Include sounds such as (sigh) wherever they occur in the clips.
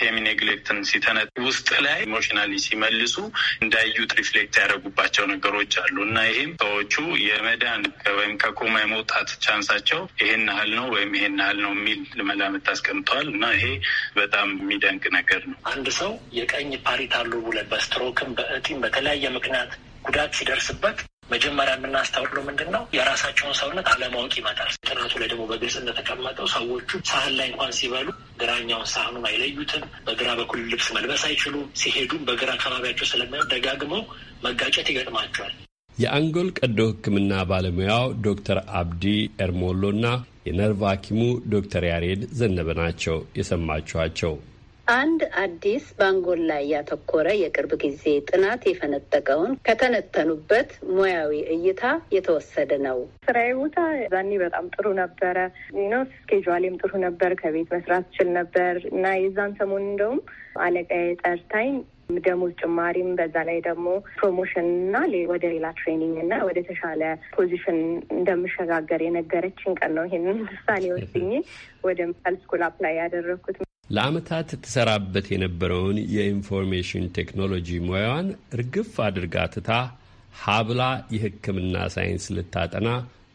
ፌሚኔግሌክትን ሲተነት ውስጥ ላይ ኢሞሽናሊ ሲመልሱ እንዳዩት ሪፍሌክት ያደረጉባቸው ነገሮች አሉ እና ይህም ሰዎቹ የመዳን ወይም ከኮማ የመውጣት ቻንሳቸው ይሄን ያህል ነው ወይም ይሄን ያህል ነው የሚል መላምት አስቀምጠዋል እና ይሄ በጣም የሚደንቅ ነገር ነው። አንድ ሰው የቀኝ ፓሪታል ሎቡ ላይ በስትሮክም በእጢም በተለያየ ምክንያት ጉዳት ሲደርስበት መጀመሪያ የምናስተውለው ምንድን ነው? የራሳቸውን ሰውነት አለማወቅ ይመጣል። ጥናቱ ላይ ደግሞ በግልጽ እንደተቀመጠው ሰዎቹ ሳህን ላይ እንኳን ሲበሉ ግራኛውን ሳህኑን አይለዩትም። በግራ በኩል ልብስ መልበስ አይችሉም። ሲሄዱም በግራ አካባቢያቸው ስለሚሆን ደጋግመው መጋጨት ይገጥማቸዋል። የአንጎል ቀዶ ሕክምና ባለሙያው ዶክተር አብዲ ኤርሞሎና የነርቭ ሐኪሙ ዶክተር ያሬድ ዘነበ ናቸው የሰማችኋቸው። አንድ አዲስ በአንጎል ላይ ያተኮረ የቅርብ ጊዜ ጥናት የፈነጠቀውን ከተነተኑበት ሙያዊ እይታ የተወሰደ ነው። ስራዬ ቦታ ዛኔ በጣም ጥሩ ነበረ ነው። ስኬጁሌም ጥሩ ነበር። ከቤት መስራት ችል ነበር እና የዛን ሰሞን እንደውም አለቃዬ ጠርታኝ ደሞዝ ጭማሪም በዛ ላይ ደግሞ ፕሮሞሽን እና ወደ ሌላ ትሬኒንግ እና ወደ ተሻለ ፖዚሽን እንደምሸጋገር የነገረችን ቀን ነው። ይህንን ውሳኔ ወስኜ ወደ መካል ስኩል አፕላይ ያደረግኩት ለዓመታት ትሰራበት የነበረውን የኢንፎርሜሽን ቴክኖሎጂ ሙያዋን እርግፍ አድርጋ ትታ ሀብላ የሕክምና ሳይንስ ልታጠና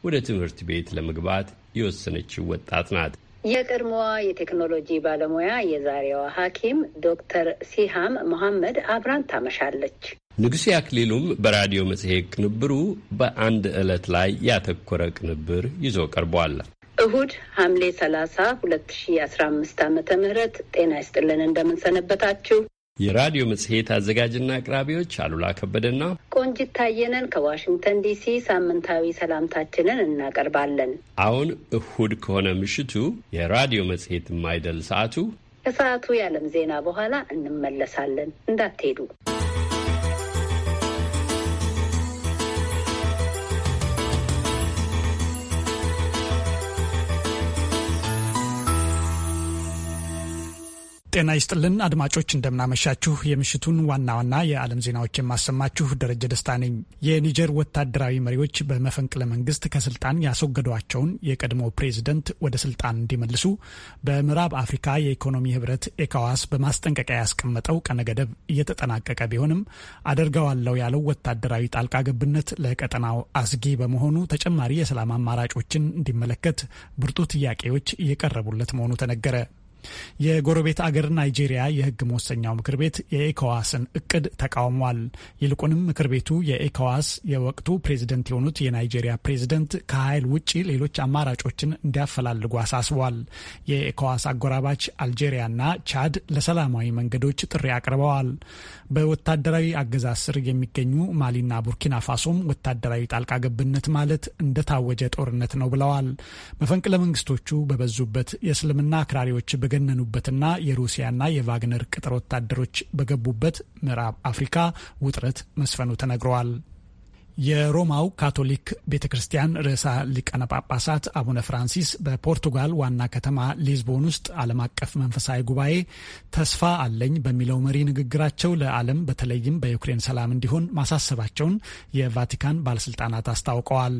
ወደ ትምህርት ቤት ለመግባት የወሰነችው ወጣት ናት። የቀድሞዋ የቴክኖሎጂ ባለሙያ የዛሬዋ ሐኪም ዶክተር ሲሃም መሐመድ አብራን ታመሻለች። ንጉሴ አክሊሉም በራዲዮ መጽሔት ቅንብሩ በአንድ ዕለት ላይ ያተኮረ ቅንብር ይዞ ቀርቧል። እሁድ ሐምሌ 30 2015 ዓ ም ጤና ይስጥልን። እንደምንሰነበታችሁ የራዲዮ መጽሔት አዘጋጅና አቅራቢዎች አሉላ ከበደና ቆንጂት ታየነን ከዋሽንግተን ዲሲ ሳምንታዊ ሰላምታችንን እናቀርባለን። አሁን እሁድ ከሆነ ምሽቱ የራዲዮ መጽሔት የማይደል ሰዓቱ ከሰዓቱ የዓለም ዜና በኋላ እንመለሳለን። እንዳትሄዱ። ጤና ይስጥልን አድማጮች፣ እንደምናመሻችሁ። የምሽቱን ዋና ዋና የዓለም ዜናዎች የማሰማችሁ ደረጀ ደስታ ነኝ። የኒጀር ወታደራዊ መሪዎች በመፈንቅለ መንግስት ከስልጣን ያስወገዷቸውን የቀድሞ ፕሬዝደንት ወደ ስልጣን እንዲመልሱ በምዕራብ አፍሪካ የኢኮኖሚ ህብረት ኤካዋስ በማስጠንቀቂያ ያስቀመጠው ቀነገደብ እየተጠናቀቀ ቢሆንም አደርገዋለሁ ያለው ወታደራዊ ጣልቃ ገብነት ለቀጠናው አስጊ በመሆኑ ተጨማሪ የሰላም አማራጮችን እንዲመለከት ብርቱ ጥያቄዎች እየቀረቡለት መሆኑ ተነገረ። የጎረቤት አገር ናይጄሪያ የሕግ መወሰኛው ምክር ቤት የኤኮዋስን እቅድ ተቃውሟል። ይልቁንም ምክር ቤቱ የኤኮዋስ የወቅቱ ፕሬዝደንት የሆኑት የናይጄሪያ ፕሬዝደንት ከኃይል ውጭ ሌሎች አማራጮችን እንዲያፈላልጉ አሳስቧል። የኤኮዋስ አጎራባች አልጄሪያና ቻድ ለሰላማዊ መንገዶች ጥሪ አቅርበዋል። በወታደራዊ አገዛዝ ስር የሚገኙ ማሊና ቡርኪና ፋሶም ወታደራዊ ጣልቃ ገብነት ማለት እንደታወጀ ጦርነት ነው ብለዋል። መፈንቅለ መንግስቶቹ በበዙበት የእስልምና አክራሪዎች በገነኑበትና የሩሲያና የቫግነር ቅጥር ወታደሮች በገቡበት ምዕራብ አፍሪካ ውጥረት መስፈኑ ተነግረዋል። የሮማው ካቶሊክ ቤተ ክርስቲያን ርዕሰ ሊቃነ ጳጳሳት አቡነ ፍራንሲስ በፖርቱጋል ዋና ከተማ ሊዝቦን ውስጥ ዓለም አቀፍ መንፈሳዊ ጉባኤ ተስፋ አለኝ በሚለው መሪ ንግግራቸው ለዓለም በተለይም በዩክሬን ሰላም እንዲሆን ማሳሰባቸውን የቫቲካን ባለስልጣናት አስታውቀዋል።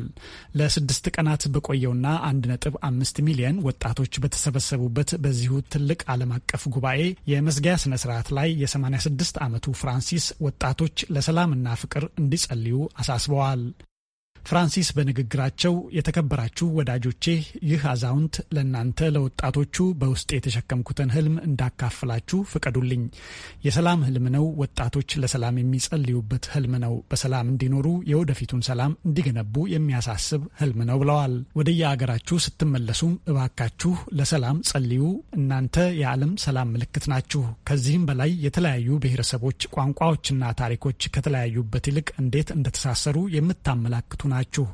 ለስድስት ቀናት በቆየውና 1.5 ሚሊየን ወጣቶች በተሰበሰቡበት በዚሁ ትልቅ ዓለም አቀፍ ጉባኤ የመዝጊያ ስነ ስርዓት ላይ የ86 ዓመቱ ፍራንሲስ ወጣቶች ለሰላምና ፍቅር እንዲጸልዩ አሳስ አሳስበዋል። ፍራንሲስ በንግግራቸው የተከበራችሁ ወዳጆቼ ይህ አዛውንት ለእናንተ ለወጣቶቹ በውስጥ የተሸከምኩትን ህልም እንዳካፍላችሁ ፍቀዱልኝ። የሰላም ህልም ነው። ወጣቶች ለሰላም የሚጸልዩበት ህልም ነው። በሰላም እንዲኖሩ የወደፊቱን ሰላም እንዲገነቡ የሚያሳስብ ህልም ነው ብለዋል። ወደየ ስትመለሱም እባካችሁ ለሰላም ጸልዩ። እናንተ የዓለም ሰላም ምልክት ናችሁ። ከዚህም በላይ የተለያዩ ብሔረሰቦች ቋንቋዎችና ታሪኮች ከተለያዩበት ይልቅ እንዴት እንደተሳሰሩ የምታመላክቱ ናችሁ።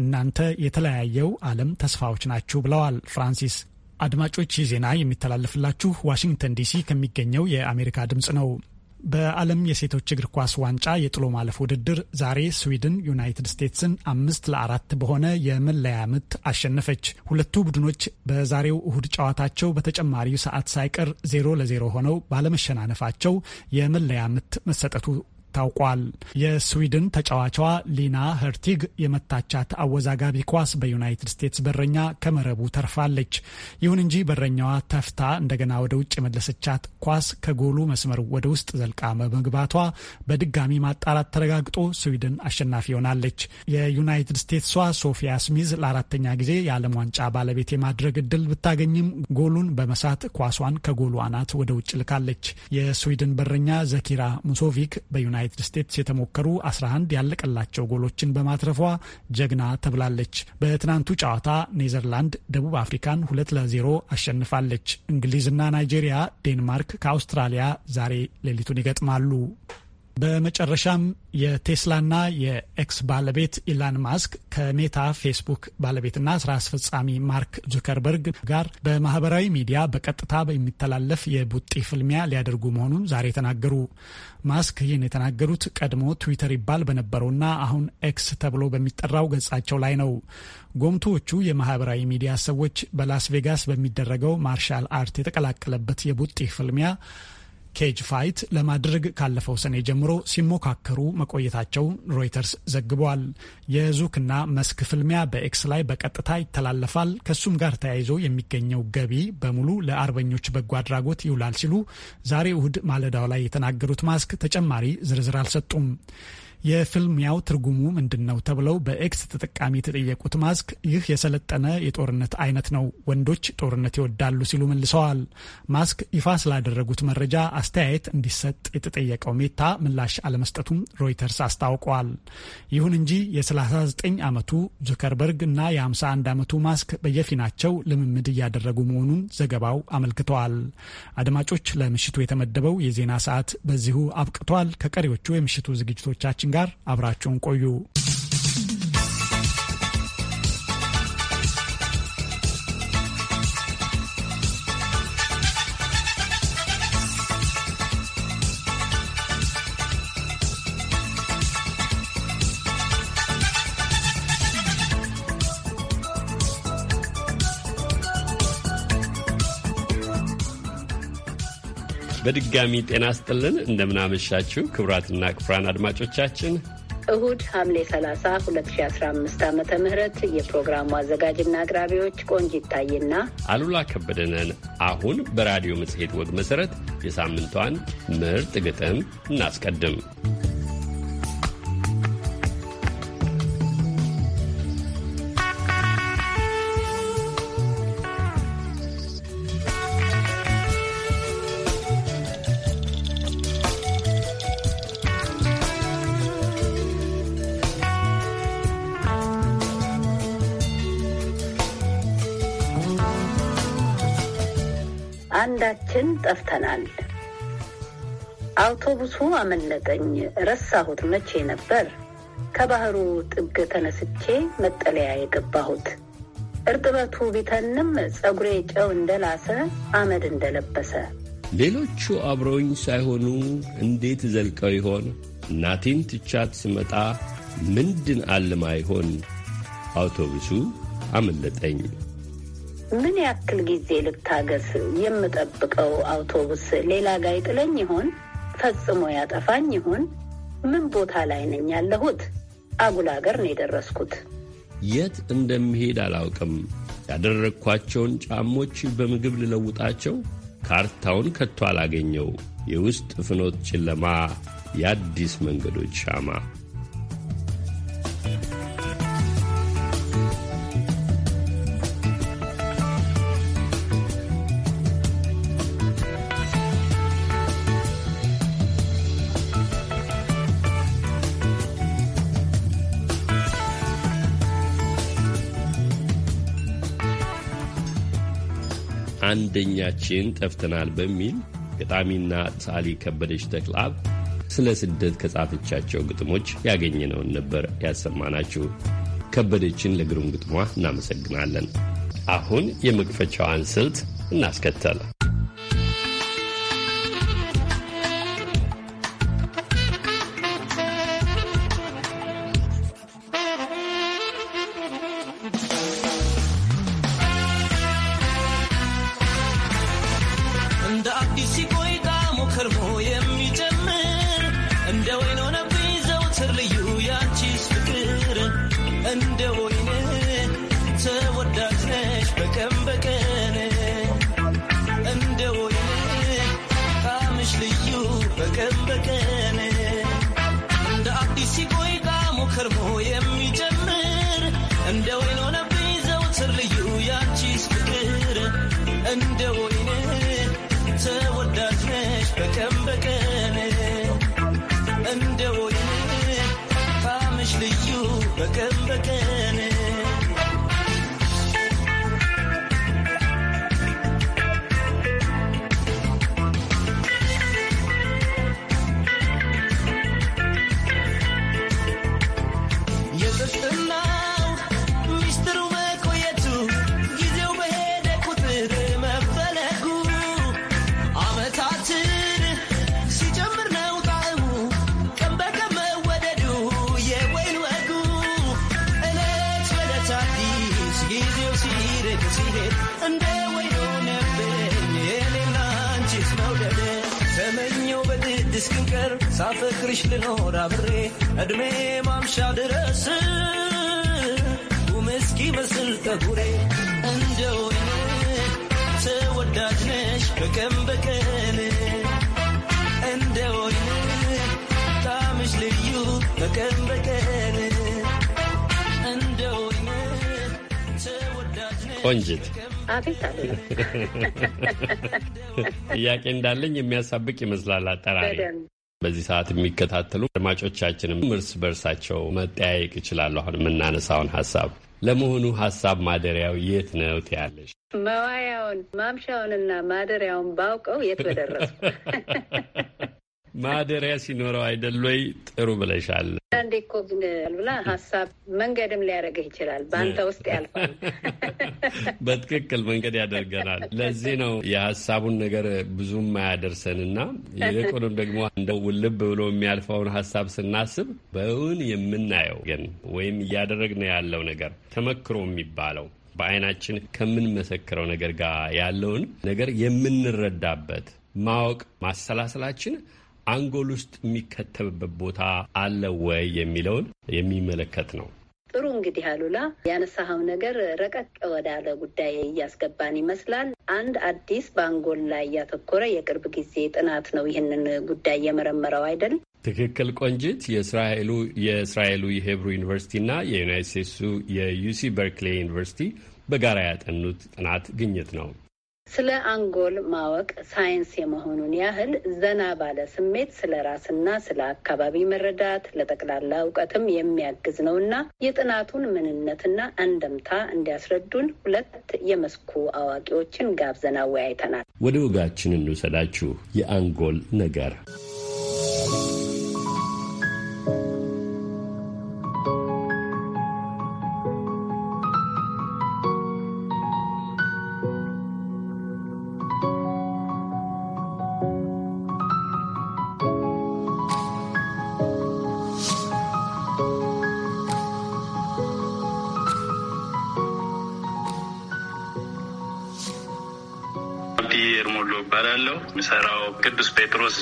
እናንተ የተለያየው ዓለም ተስፋዎች ናችሁ ብለዋል ፍራንሲስ። አድማጮች ይህ ዜና የሚተላለፍላችሁ ዋሽንግተን ዲሲ ከሚገኘው የአሜሪካ ድምፅ ነው። በዓለም የሴቶች እግር ኳስ ዋንጫ የጥሎ ማለፍ ውድድር ዛሬ ስዊድን ዩናይትድ ስቴትስን አምስት ለአራት በሆነ የመለያ ምት አሸነፈች። ሁለቱ ቡድኖች በዛሬው እሁድ ጨዋታቸው በተጨማሪው ሰዓት ሳይቀር ዜሮ ለዜሮ ሆነው ባለመሸናነፋቸው የመለያ ምት መሰጠቱ ታውቋል። የስዊድን ተጫዋቿ ሊና ሄርቲግ የመታቻት አወዛጋቢ ኳስ በዩናይትድ ስቴትስ በረኛ ከመረቡ ተርፋለች። ይሁን እንጂ በረኛዋ ተፍታ እንደገና ወደ ውጭ የመለሰቻት ኳስ ከጎሉ መስመር ወደ ውስጥ ዘልቃ በመግባቷ በድጋሚ ማጣራት ተረጋግጦ ስዊድን አሸናፊ ሆናለች። የዩናይትድ ስቴትሷ ሶፊያ ስሚዝ ለአራተኛ ጊዜ የዓለም ዋንጫ ባለቤት የማድረግ እድል ብታገኝም ጎሉን በመሳት ኳሷን ከጎሉ አናት ወደ ውጭ ልካለች። የስዊድን በረኛ ዘኪራ ሙሶቪክ በዩናይትድ ዩናይትድ ስቴትስ የተሞከሩ 11 ያለቀላቸው ጎሎችን በማትረፏ ጀግና ተብላለች። በትናንቱ ጨዋታ ኔዘርላንድ ደቡብ አፍሪካን ለ0 አሸንፋለች። እንግሊዝና ናይጄሪያ፣ ዴንማርክ ከአውስትራሊያ ዛሬ ሌሊቱን ይገጥማሉ። በመጨረሻም የቴስላና የኤክስ ባለቤት ኢላን ማስክ ከሜታ ፌስቡክ ባለቤትና ስራ አስፈጻሚ ማርክ ዙከርበርግ ጋር በማህበራዊ ሚዲያ በቀጥታ የሚተላለፍ የቡጢ ፍልሚያ ሊያደርጉ መሆኑን ዛሬ ተናገሩ። ማስክ ይህን የተናገሩት ቀድሞ ትዊተር ይባል በነበረውና አሁን ኤክስ ተብሎ በሚጠራው ገጻቸው ላይ ነው። ጎምቶዎቹ የማህበራዊ ሚዲያ ሰዎች በላስ ቬጋስ በሚደረገው ማርሻል አርት የተቀላቀለበት የቡጢ ፍልሚያ ኬጅ ፋይት ለማድረግ ካለፈው ሰኔ ጀምሮ ሲሞካከሩ መቆየታቸው ሮይተርስ ዘግቧል። የዙክና መስክ ፍልሚያ በኤክስ ላይ በቀጥታ ይተላለፋል። ከሱም ጋር ተያይዞ የሚገኘው ገቢ በሙሉ ለአርበኞች በጎ አድራጎት ይውላል ሲሉ ዛሬ እሁድ ማለዳው ላይ የተናገሩት ማስክ ተጨማሪ ዝርዝር አልሰጡም። የፍልሚያው ትርጉሙ ምንድን ነው ተብለው በኤክስ ተጠቃሚ የተጠየቁት ማስክ ይህ የሰለጠነ የጦርነት አይነት ነው፣ ወንዶች ጦርነት ይወዳሉ ሲሉ መልሰዋል። ማስክ ይፋ ስላደረጉት መረጃ አስተያየት እንዲሰጥ የተጠየቀው ሜታ ምላሽ አለመስጠቱም ሮይተርስ አስታውቀዋል። ይሁን እንጂ የ39 ዓመቱ ዙከርበርግ እና የ51 ዓመቱ ማስክ በየፊናቸው ልምምድ እያደረጉ መሆኑን ዘገባው አመልክተዋል። አድማጮች፣ ለምሽቱ የተመደበው የዜና ሰዓት በዚሁ አብቅቷል። ከቀሪዎቹ የምሽቱ ዝግጅቶቻችን ጋር አብራችሁን ቆዩ። በድጋሚ ጤና ስጥልን። እንደምናመሻችው ክቡራትና ክቡራን አድማጮቻችን እሁድ ሐምሌ 30 2015 ዓ ም የፕሮግራሙ አዘጋጅና አቅራቢዎች ቆንጅ ይታይና አሉላ ከበደነን። አሁን በራዲዮ መጽሔት ወግ መሠረት የሳምንቷን ምርጥ ግጥም እናስቀድም። ጠፍተናል። አውቶቡሱ አመለጠኝ፣ ረሳሁት። መቼ ነበር ከባህሩ ጥግ ተነስቼ መጠለያ የገባሁት? እርጥበቱ ቢተንም ጸጉሬ ጨው እንደላሰ አመድ እንደለበሰ። ሌሎቹ አብረውኝ ሳይሆኑ እንዴት ዘልቀው ይሆን? እናቴን ትቻት ስመጣ ምንድን አልማ ይሆን? አውቶቡሱ አመለጠኝ። ምን ያክል ጊዜ ልታገስ? የምጠብቀው አውቶቡስ ሌላ ጋ ይጥለኝ ይሆን? ፈጽሞ ያጠፋኝ ይሆን? ምን ቦታ ላይ ነኝ ያለሁት? አጉል አገር ነው የደረስኩት። የት እንደምሄድ አላውቅም። ያደረግኳቸውን ጫሞች በምግብ ልለውጣቸው፣ ካርታውን ከቶ አላገኘው። የውስጥ ፍኖት ጨለማ፣ የአዲስ መንገዶች ሻማ ጊዜያችን ጠፍተናል በሚል ገጣሚና ሰዓሊ ከበደች ተክለአብ ስለ ስደት ከጻፈቻቸው ግጥሞች ያገኘነውን ነበር ያሰማናችሁ። ከበደችን ለግሩም ግጥሟ እናመሰግናለን። አሁን የመክፈቻዋን ስልት እናስከተል። ሳፈቅርሽ ልኖር አብሬ እድሜ ማምሻ ድረስ ውምስኪ መስል ተጉሬ እንደውን ተወዳጅ ነሽ በቀን በቀን እንደውን ጣምሽ ልዩ በቀን በቀን ተወዳጅ ቆንጅት ጥያቄ እንዳለኝ የሚያሳብቅ ይመስላል አጠራሪ በዚህ ሰዓት የሚከታተሉ አድማጮቻችንም እርስ በርሳቸው መጠያየቅ ይችላሉ። አሁን የምናነሳውን ሀሳብ ለመሆኑ ሀሳብ ማደሪያው የት ነው ትያለሽ? መዋያውን ማምሻውንና ማደሪያውን ባውቀው የት በደረሱ (laughs) ማደሪያ ሲኖረው አይደል ወይ? ጥሩ ብለሻል። አንዴ እኮ ብላ ሀሳብ መንገድም ሊያደርግህ ይችላል። በአንተ ውስጥ ያልፋል። (laughs) በትክክል መንገድ ያደርገናል። ለዚህ ነው የሀሳቡን ነገር ብዙም አያደርሰንና ይልቁንም ደግሞ እንደ ውልብ ብሎ የሚያልፈውን ሀሳብ ስናስብ በእውን የምናየው ግን ወይም እያደረግን ያለው ነገር ተመክሮ የሚባለው በአይናችን ከምንመሰክረው ነገር ጋር ያለውን ነገር የምንረዳበት ማወቅ ማሰላሰላችን አንጎል ውስጥ የሚከተብበት ቦታ አለ ወይ የሚለውን የሚመለከት ነው። ጥሩ እንግዲህ አሉላ ያነሳኸው ነገር ረቀቅ ወዳለ ጉዳይ እያስገባን ይመስላል። አንድ አዲስ በአንጎል ላይ ያተኮረ የቅርብ ጊዜ ጥናት ነው ይህንን ጉዳይ የመረመረው አይደል? ትክክል ቆንጅት። የእስራኤሉ የእስራኤሉ የሄብሩ ዩኒቨርሲቲና የዩናይት ስቴትሱ የዩሲ በርክሌ ዩኒቨርሲቲ በጋራ ያጠኑት ጥናት ግኝት ነው። ስለ አንጎል ማወቅ ሳይንስ የመሆኑን ያህል ዘና ባለ ስሜት ስለ ራስና ስለ አካባቢ መረዳት ለጠቅላላ እውቀትም የሚያግዝ ነው የጥናቱን ምንነትና አንደምታ እንዲያስረዱን ሁለት የመስኩ አዋቂዎችን ጋብዘን አወያይተናል። ወደ ወጋችን እንውሰዳችሁ። የአንጎል ነገር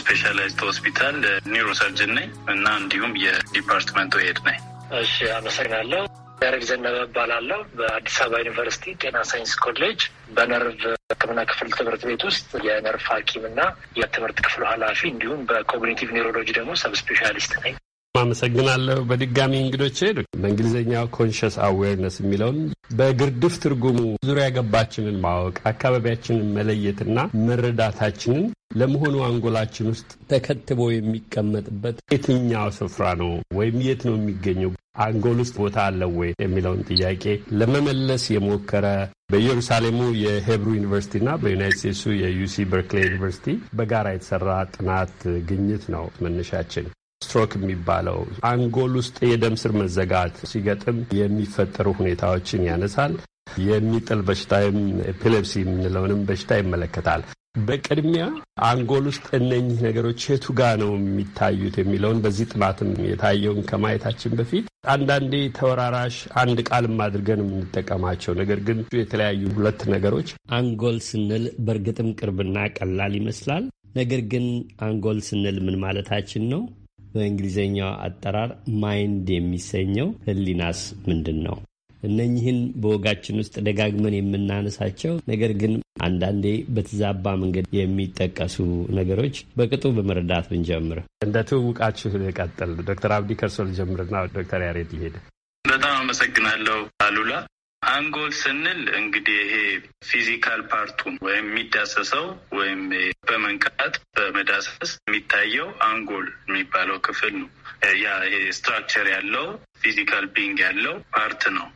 ስፔሻላይዝድ ሆስፒታል ኒውሮሰርጅን ነኝ እና እንዲሁም የዲፓርትመንቱ ሄድ ነኝ። እሺ አመሰግናለሁ። ያሬድ ዘነበ እባላለሁ። በአዲስ አበባ ዩኒቨርሲቲ ጤና ሳይንስ ኮሌጅ በነርቭ ሕክምና ክፍል ትምህርት ቤት ውስጥ የነርቭ ሐኪም እና የትምህርት ክፍሉ ኃላፊ እንዲሁም በኮግኒቲቭ ኒውሮሎጂ ደግሞ ሰብስፔሻሊስት ነኝ። አመሰግናለሁ። በድጋሚ እንግዶቼ በእንግሊዝኛው ኮንሽስ አዌርነስ የሚለውን በግርድፍ ትርጉሙ ዙሪያ ገባችንን ማወቅ አካባቢያችንን መለየትና መረዳታችንን ለመሆኑ አንጎላችን ውስጥ ተከትቦ የሚቀመጥበት የትኛው ስፍራ ነው ወይም የት ነው የሚገኘው? አንጎል ውስጥ ቦታ አለው ወይ የሚለውን ጥያቄ ለመመለስ የሞከረ በኢየሩሳሌሙ የሄብሩ ዩኒቨርሲቲና በዩናይት ስቴትሱ የዩሲ በርክሌ ዩኒቨርሲቲ በጋራ የተሰራ ጥናት ግኝት ነው መነሻችን። ስትሮክ የሚባለው አንጎል ውስጥ የደም ስር መዘጋት ሲገጥም የሚፈጠሩ ሁኔታዎችን ያነሳል። የሚጥል በሽታ ኤፒሌፕሲ የምንለውንም በሽታ ይመለከታል። በቅድሚያ አንጎል ውስጥ እነኚህ ነገሮች የቱ ጋ ነው የሚታዩት የሚለውን በዚህ ጥናትም የታየውን ከማየታችን በፊት አንዳንዴ ተወራራሽ አንድ ቃልም አድርገን የምንጠቀማቸው ነገር ግን የተለያዩ ሁለት ነገሮች አንጎል ስንል በእርግጥም ቅርብና ቀላል ይመስላል። ነገር ግን አንጎል ስንል ምን ማለታችን ነው? በእንግሊዝኛው አጠራር ማይንድ የሚሰኘው ህሊናስ ምንድን ነው? እነኚህን በወጋችን ውስጥ ደጋግመን የምናነሳቸው ነገር ግን አንዳንዴ በተዛባ መንገድ የሚጠቀሱ ነገሮች በቅጡ በመረዳት ብንጀምር። እንደ ትውውቃችሁ ልቀጥል። ዶክተር አብዲ ከርሶ ልጀምርና ዶክተር ያሬድ ይሄድ። በጣም አመሰግናለሁ አሉላ። አንጎል ስንል እንግዲህ ይሄ ፊዚካል ፓርቱን ወይም የሚዳሰሰው ወይም በመንቃት በመዳሰስ የሚታየው አንጎል የሚባለው ክፍል ነው። ያ ይሄ ስትራክቸር ያለው ፊዚካል ቢንግ ያለው ፓርት ነው።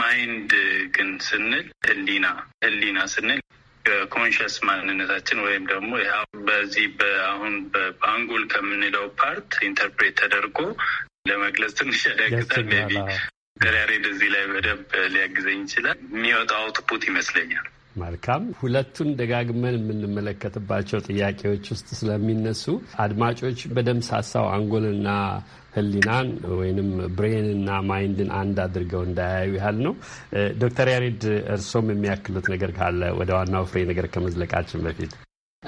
ማይንድ ግን ስንል ህሊና፣ ህሊና ስንል ኮንሽስ ማንነታችን ወይም ደግሞ በዚህ በአሁን በአንጎል ከምንለው ፓርት ኢንተርፕሬት ተደርጎ ለመግለጽ ትንሽ ያዳግታል። ያሬድ እዚህ ላይ በደንብ ሊያግዘኝ ይችላል። የሚወጣው አውትፑት ይመስለኛል። መልካም ሁለቱን ደጋግመን የምንመለከትባቸው ጥያቄዎች ውስጥ ስለሚነሱ አድማጮች በደም ሳሳው አንጎልና ህሊናን ወይንም ብሬንና ማይንድን አንድ አድርገው እንዳያዩ ያህል ነው። ዶክተር ያሬድ እርሶም የሚያክሉት ነገር ካለ ወደ ዋናው ፍሬ ነገር ከመዝለቃችን በፊት።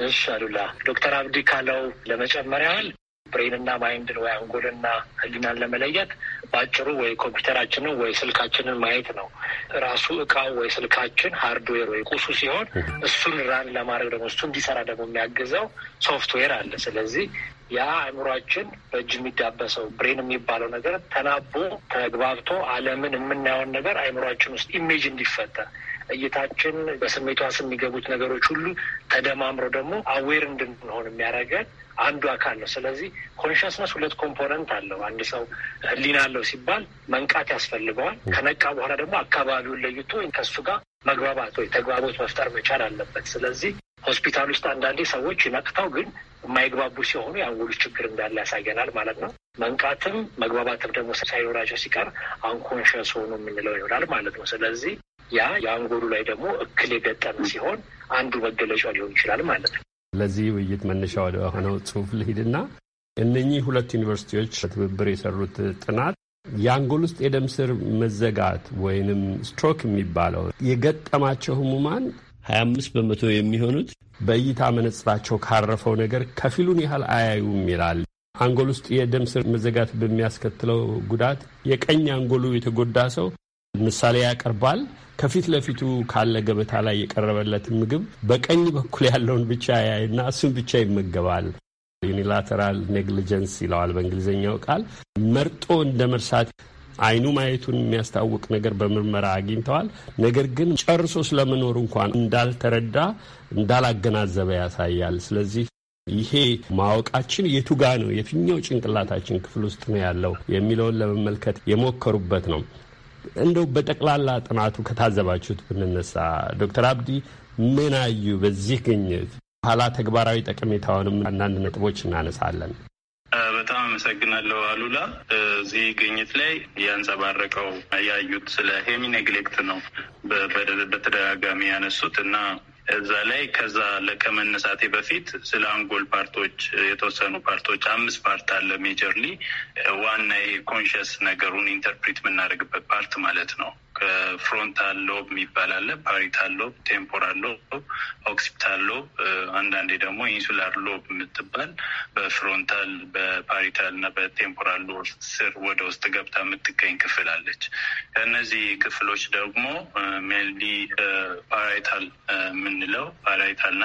እሺ አሉላ ዶክተር አብዲ ካለው ለመጨመር ያህል ብሬንና ማይንድን ወይ አንጎልና ህሊናን ለመለየት በአጭሩ ወይ ኮምፒውተራችንን ወይ ስልካችንን ማየት ነው። ራሱ እቃው ወይ ስልካችን ሃርድዌር ወይ ቁሱ ሲሆን እሱን ራን ለማድረግ ደግሞ እሱ እንዲሰራ ደግሞ የሚያግዘው ሶፍትዌር አለ። ስለዚህ ያ አእምሯችን በእጅ የሚዳበሰው ብሬን የሚባለው ነገር ተናቦ ተግባብቶ ዓለምን የምናየውን ነገር አእምሯችን ውስጥ ኢሜጅ እንዲፈጠር እይታችን በስሜቷ የሚገቡት ነገሮች ሁሉ ተደማምሮ ደግሞ አዌር እንድንሆን የሚያደርገን አንዱ አካል ነው። ስለዚህ ኮንሽስነስ ሁለት ኮምፖነንት አለው። አንድ ሰው ህሊና አለው ሲባል መንቃት ያስፈልገዋል። ከነቃ በኋላ ደግሞ አካባቢውን ለይቶ ከሱ ጋር መግባባት ወይ ተግባቦት መፍጠር መቻል አለበት። ስለዚህ ሆስፒታል ውስጥ አንዳንዴ ሰዎች ይነቅተው ግን የማይግባቡ ሲሆኑ የአንጎሎች ችግር እንዳለ ያሳየናል ማለት ነው። መንቃትም መግባባትም ደግሞ ሳይኖራቸው ሲቀር አንኮንሽስ ሆኑ የምንለው ይሆናል ማለት ነው። ስለዚህ ያ የአንጎሉ ላይ ደግሞ እክል የገጠመ ሲሆን አንዱ መገለጫ ሊሆን ይችላል ማለት ነው። ለዚህ ውይይት መነሻ ወደ ሆነው ጽሁፍ ልሂድና እነኚህ ሁለት ዩኒቨርሲቲዎች በትብብር የሰሩት ጥናት የአንጎል ውስጥ የደም ስር መዘጋት ወይንም ስትሮክ የሚባለው የገጠማቸው ህሙማን 25 በመቶ የሚሆኑት በእይታ መነጽራቸው ካረፈው ነገር ከፊሉን ያህል አያዩም ይላል። አንጎል ውስጥ የደም ስር መዘጋት በሚያስከትለው ጉዳት የቀኝ አንጎሉ የተጎዳ ሰው ምሳሌ ያቀርባል። ከፊት ለፊቱ ካለ ገበታ ላይ የቀረበለትን ምግብ በቀኝ በኩል ያለውን ብቻ ያይና እሱን ብቻ ይመገባል። ዩኒላተራል ኔግሊጀንስ ይለዋል በእንግሊዝኛው ቃል። መርጦ እንደ መርሳት አይኑ ማየቱን የሚያስታውቅ ነገር በምርመራ አግኝተዋል። ነገር ግን ጨርሶ ስለመኖሩ እንኳን እንዳልተረዳ እንዳላገናዘበ ያሳያል። ስለዚህ ይሄ ማወቃችን የቱጋ ነው የትኛው ጭንቅላታችን ክፍል ውስጥ ነው ያለው የሚለውን ለመመልከት የሞከሩበት ነው። እንደው በጠቅላላ ጥናቱ ከታዘባችሁት ብንነሳ ዶክተር አብዲ ምን አዩ? በዚህ ግኝት ኋላ ተግባራዊ ጠቀሜታውንም አንዳንድ ነጥቦች እናነሳለን። በጣም አመሰግናለሁ አሉላ። እዚህ ግኝት ላይ ያንጸባረቀው ያዩት ስለ ሄሚ ኔግሌክት ነው በተደጋጋሚ ያነሱት እና እዛ ላይ ከዛ ከመነሳቴ በፊት ስለ አንጎል ፓርቶች የተወሰኑ ፓርቶች አምስት ፓርት አለ። ሜጀርሊ ዋና ይሄ ኮንሽስ ነገሩን ኢንተርፕሪት የምናደርግበት ፓርት ማለት ነው። ፍሮንታል ሎብ የሚባል አለ፣ ፓሪታል ሎብ፣ ቴምፖራል ሎብ፣ ኦክሲፒታል ሎብ፣ አንዳንዴ ደግሞ ኢንሱላር ሎብ የምትባል በፍሮንታል በፓሪታል እና በቴምፖራል ሎብ ስር ወደ ውስጥ ገብታ የምትገኝ ክፍል አለች። ከእነዚህ ክፍሎች ደግሞ ሜንሊ ፓራይታል የምንለው ፓራይታል እና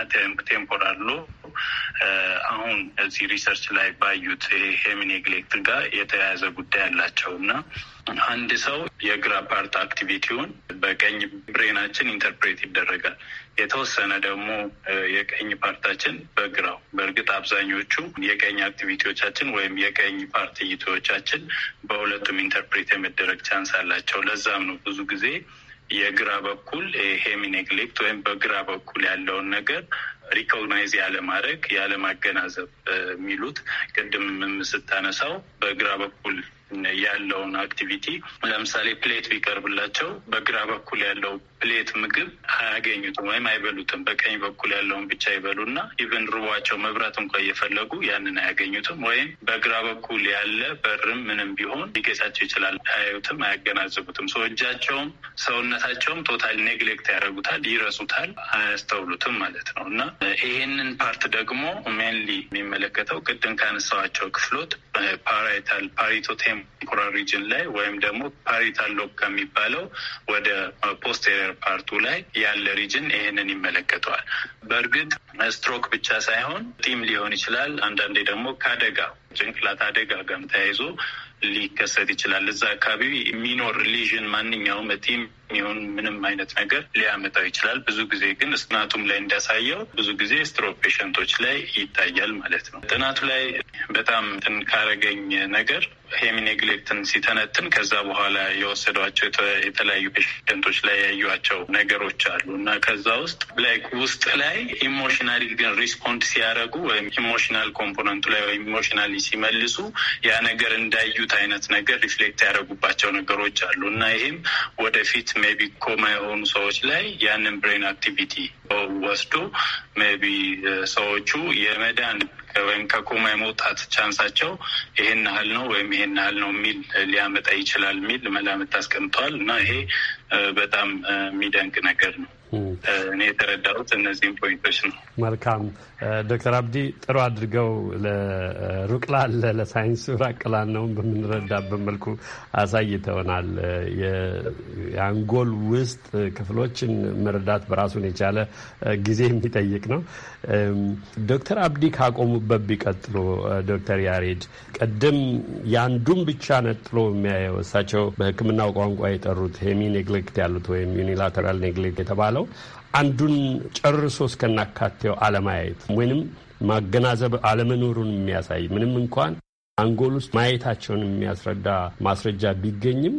ቴምፖራል ሎብ አሁን እዚህ ሪሰርች ላይ ባዩት ሄሚኔግሌክት ጋር የተያያዘ ጉዳይ አላቸው እና አንድ ሰው የግራ ፓርት አክቲቪቲውን በቀኝ ብሬናችን ኢንተርፕሬት ይደረጋል። የተወሰነ ደግሞ የቀኝ ፓርታችን በግራው። በእርግጥ አብዛኞቹ የቀኝ አክቲቪቲዎቻችን ወይም የቀኝ ፓርት እይታዎቻችን በሁለቱም ኢንተርፕሬት የመደረግ ቻንስ አላቸው። ለዛም ነው ብዙ ጊዜ የግራ በኩል ሄሚኔግሌክት ወይም በግራ በኩል ያለውን ነገር ሪኮግናይዝ ያለማድረግ ያለማገናዘብ የሚሉት ቅድም ስታነሳው በግራ በኩል ያለውን አክቲቪቲ ለምሳሌ ፕሌት ቢቀርብላቸው በግራ በኩል ያለው ፕሌት ምግብ አያገኙትም ወይም አይበሉትም። በቀኝ በኩል ያለውን ብቻ ይበሉና ኢቨን ርቧቸው መብራት እንኳ እየፈለጉ ያንን አያገኙትም። ወይም በግራ በኩል ያለ በርም ምንም ቢሆን ሊገሳቸው ይችላል። አያዩትም፣ አያገናዝቡትም። ሰው እጃቸውም ሰውነታቸውም ቶታል ኔግሌክት ያደርጉታል፣ ይረሱታል፣ አያስተውሉትም ማለት ነው እና ይሄንን ፓርት ደግሞ ሜንሊ የሚመለከተው ቅድም ካነሳዋቸው ክፍሎት ፓራይታል ፓሪቶ ቴምፖራል ሪጅን ላይ ወይም ደግሞ ፓሪታል ሎብ ከሚባለው ወደ ፖስት ዌር ፓርቱ ላይ ያለ ሪጅን ይህንን ይመለከተዋል። በእርግጥ ስትሮክ ብቻ ሳይሆን ጢም ሊሆን ይችላል። አንዳንዴ ደግሞ ከአደጋ ጭንቅላት አደጋ ጋም ተያይዞ ሊከሰት ይችላል። እዛ አካባቢ የሚኖር ሊዥን ማንኛውም ቲም የሚሆን ምንም አይነት ነገር ሊያመጣው ይችላል። ብዙ ጊዜ ግን ጥናቱም ላይ እንዳሳየው ብዙ ጊዜ ስትሮክ ፔሽንቶች ላይ ይታያል ማለት ነው። ጥናቱ ላይ በጣም እንትን ካረገኝ ነገር ሄሚኔግሌክትን ሲተነትን ከዛ በኋላ የወሰዷቸው የተለያዩ ፔሽንቶች ላይ ያዩቸው ነገሮች አሉ እና ከዛ ውስጥ ላይክ ውስጥ ላይ ኢሞሽናሊ ግን ሪስፖንድ ሲያደረጉ ወይም ኢሞሽናል ኮምፖነንቱ ላይ ወይም ኢሞሽናሊ ሲመልሱ ያ ነገር እንዳዩት አይነት ነገር ሪፍሌክት ያደረጉባቸው ነገሮች አሉ እና ይህም ወደፊት ሜቢ ኮማ የሆኑ ሰዎች ላይ ያንን ብሬን አክቲቪቲ ወስዶ ሜቢ uh, ሰዎቹ የመዳን ወይም ከኮማ የመውጣት ቻንሳቸው ይሄን ያህል ነው ወይም ይሄን ያህል ነው የሚል ሊያመጣ ይችላል የሚል መላምት አስቀምጠዋል እና ይሄ uh, በጣም uh, የሚደንቅ ነገር ነው። እኔ የተረዳሁት እነዚህም ፖይንቶች ነው። መልካም ዶክተር አብዲ ጥሩ አድርገው ለሩቅ ላለ ለሳይንሱ ራቅ ላለውን በምንረዳበት መልኩ አሳይተውናል። የአንጎል ውስጥ ክፍሎችን መረዳት በራሱን የቻለ ጊዜ የሚጠይቅ ነው። ዶክተር አብዲ ካቆሙበት ቢቀጥሉ ዶክተር ያሬድ ቅድም የአንዱን ብቻ ነጥሎ የሚያየው እሳቸው በሕክምናው ቋንቋ የጠሩት ሄሚ ኔግሌክት ያሉት ወይም ዩኒላተራል ኔግሌክት የተባለው አንዱን ጨርሶ እስከናካቴው አለማየት ወይንም ማገናዘብ አለመኖሩን የሚያሳይ ምንም እንኳን አንጎል ውስጥ ማየታቸውን የሚያስረዳ ማስረጃ ቢገኝም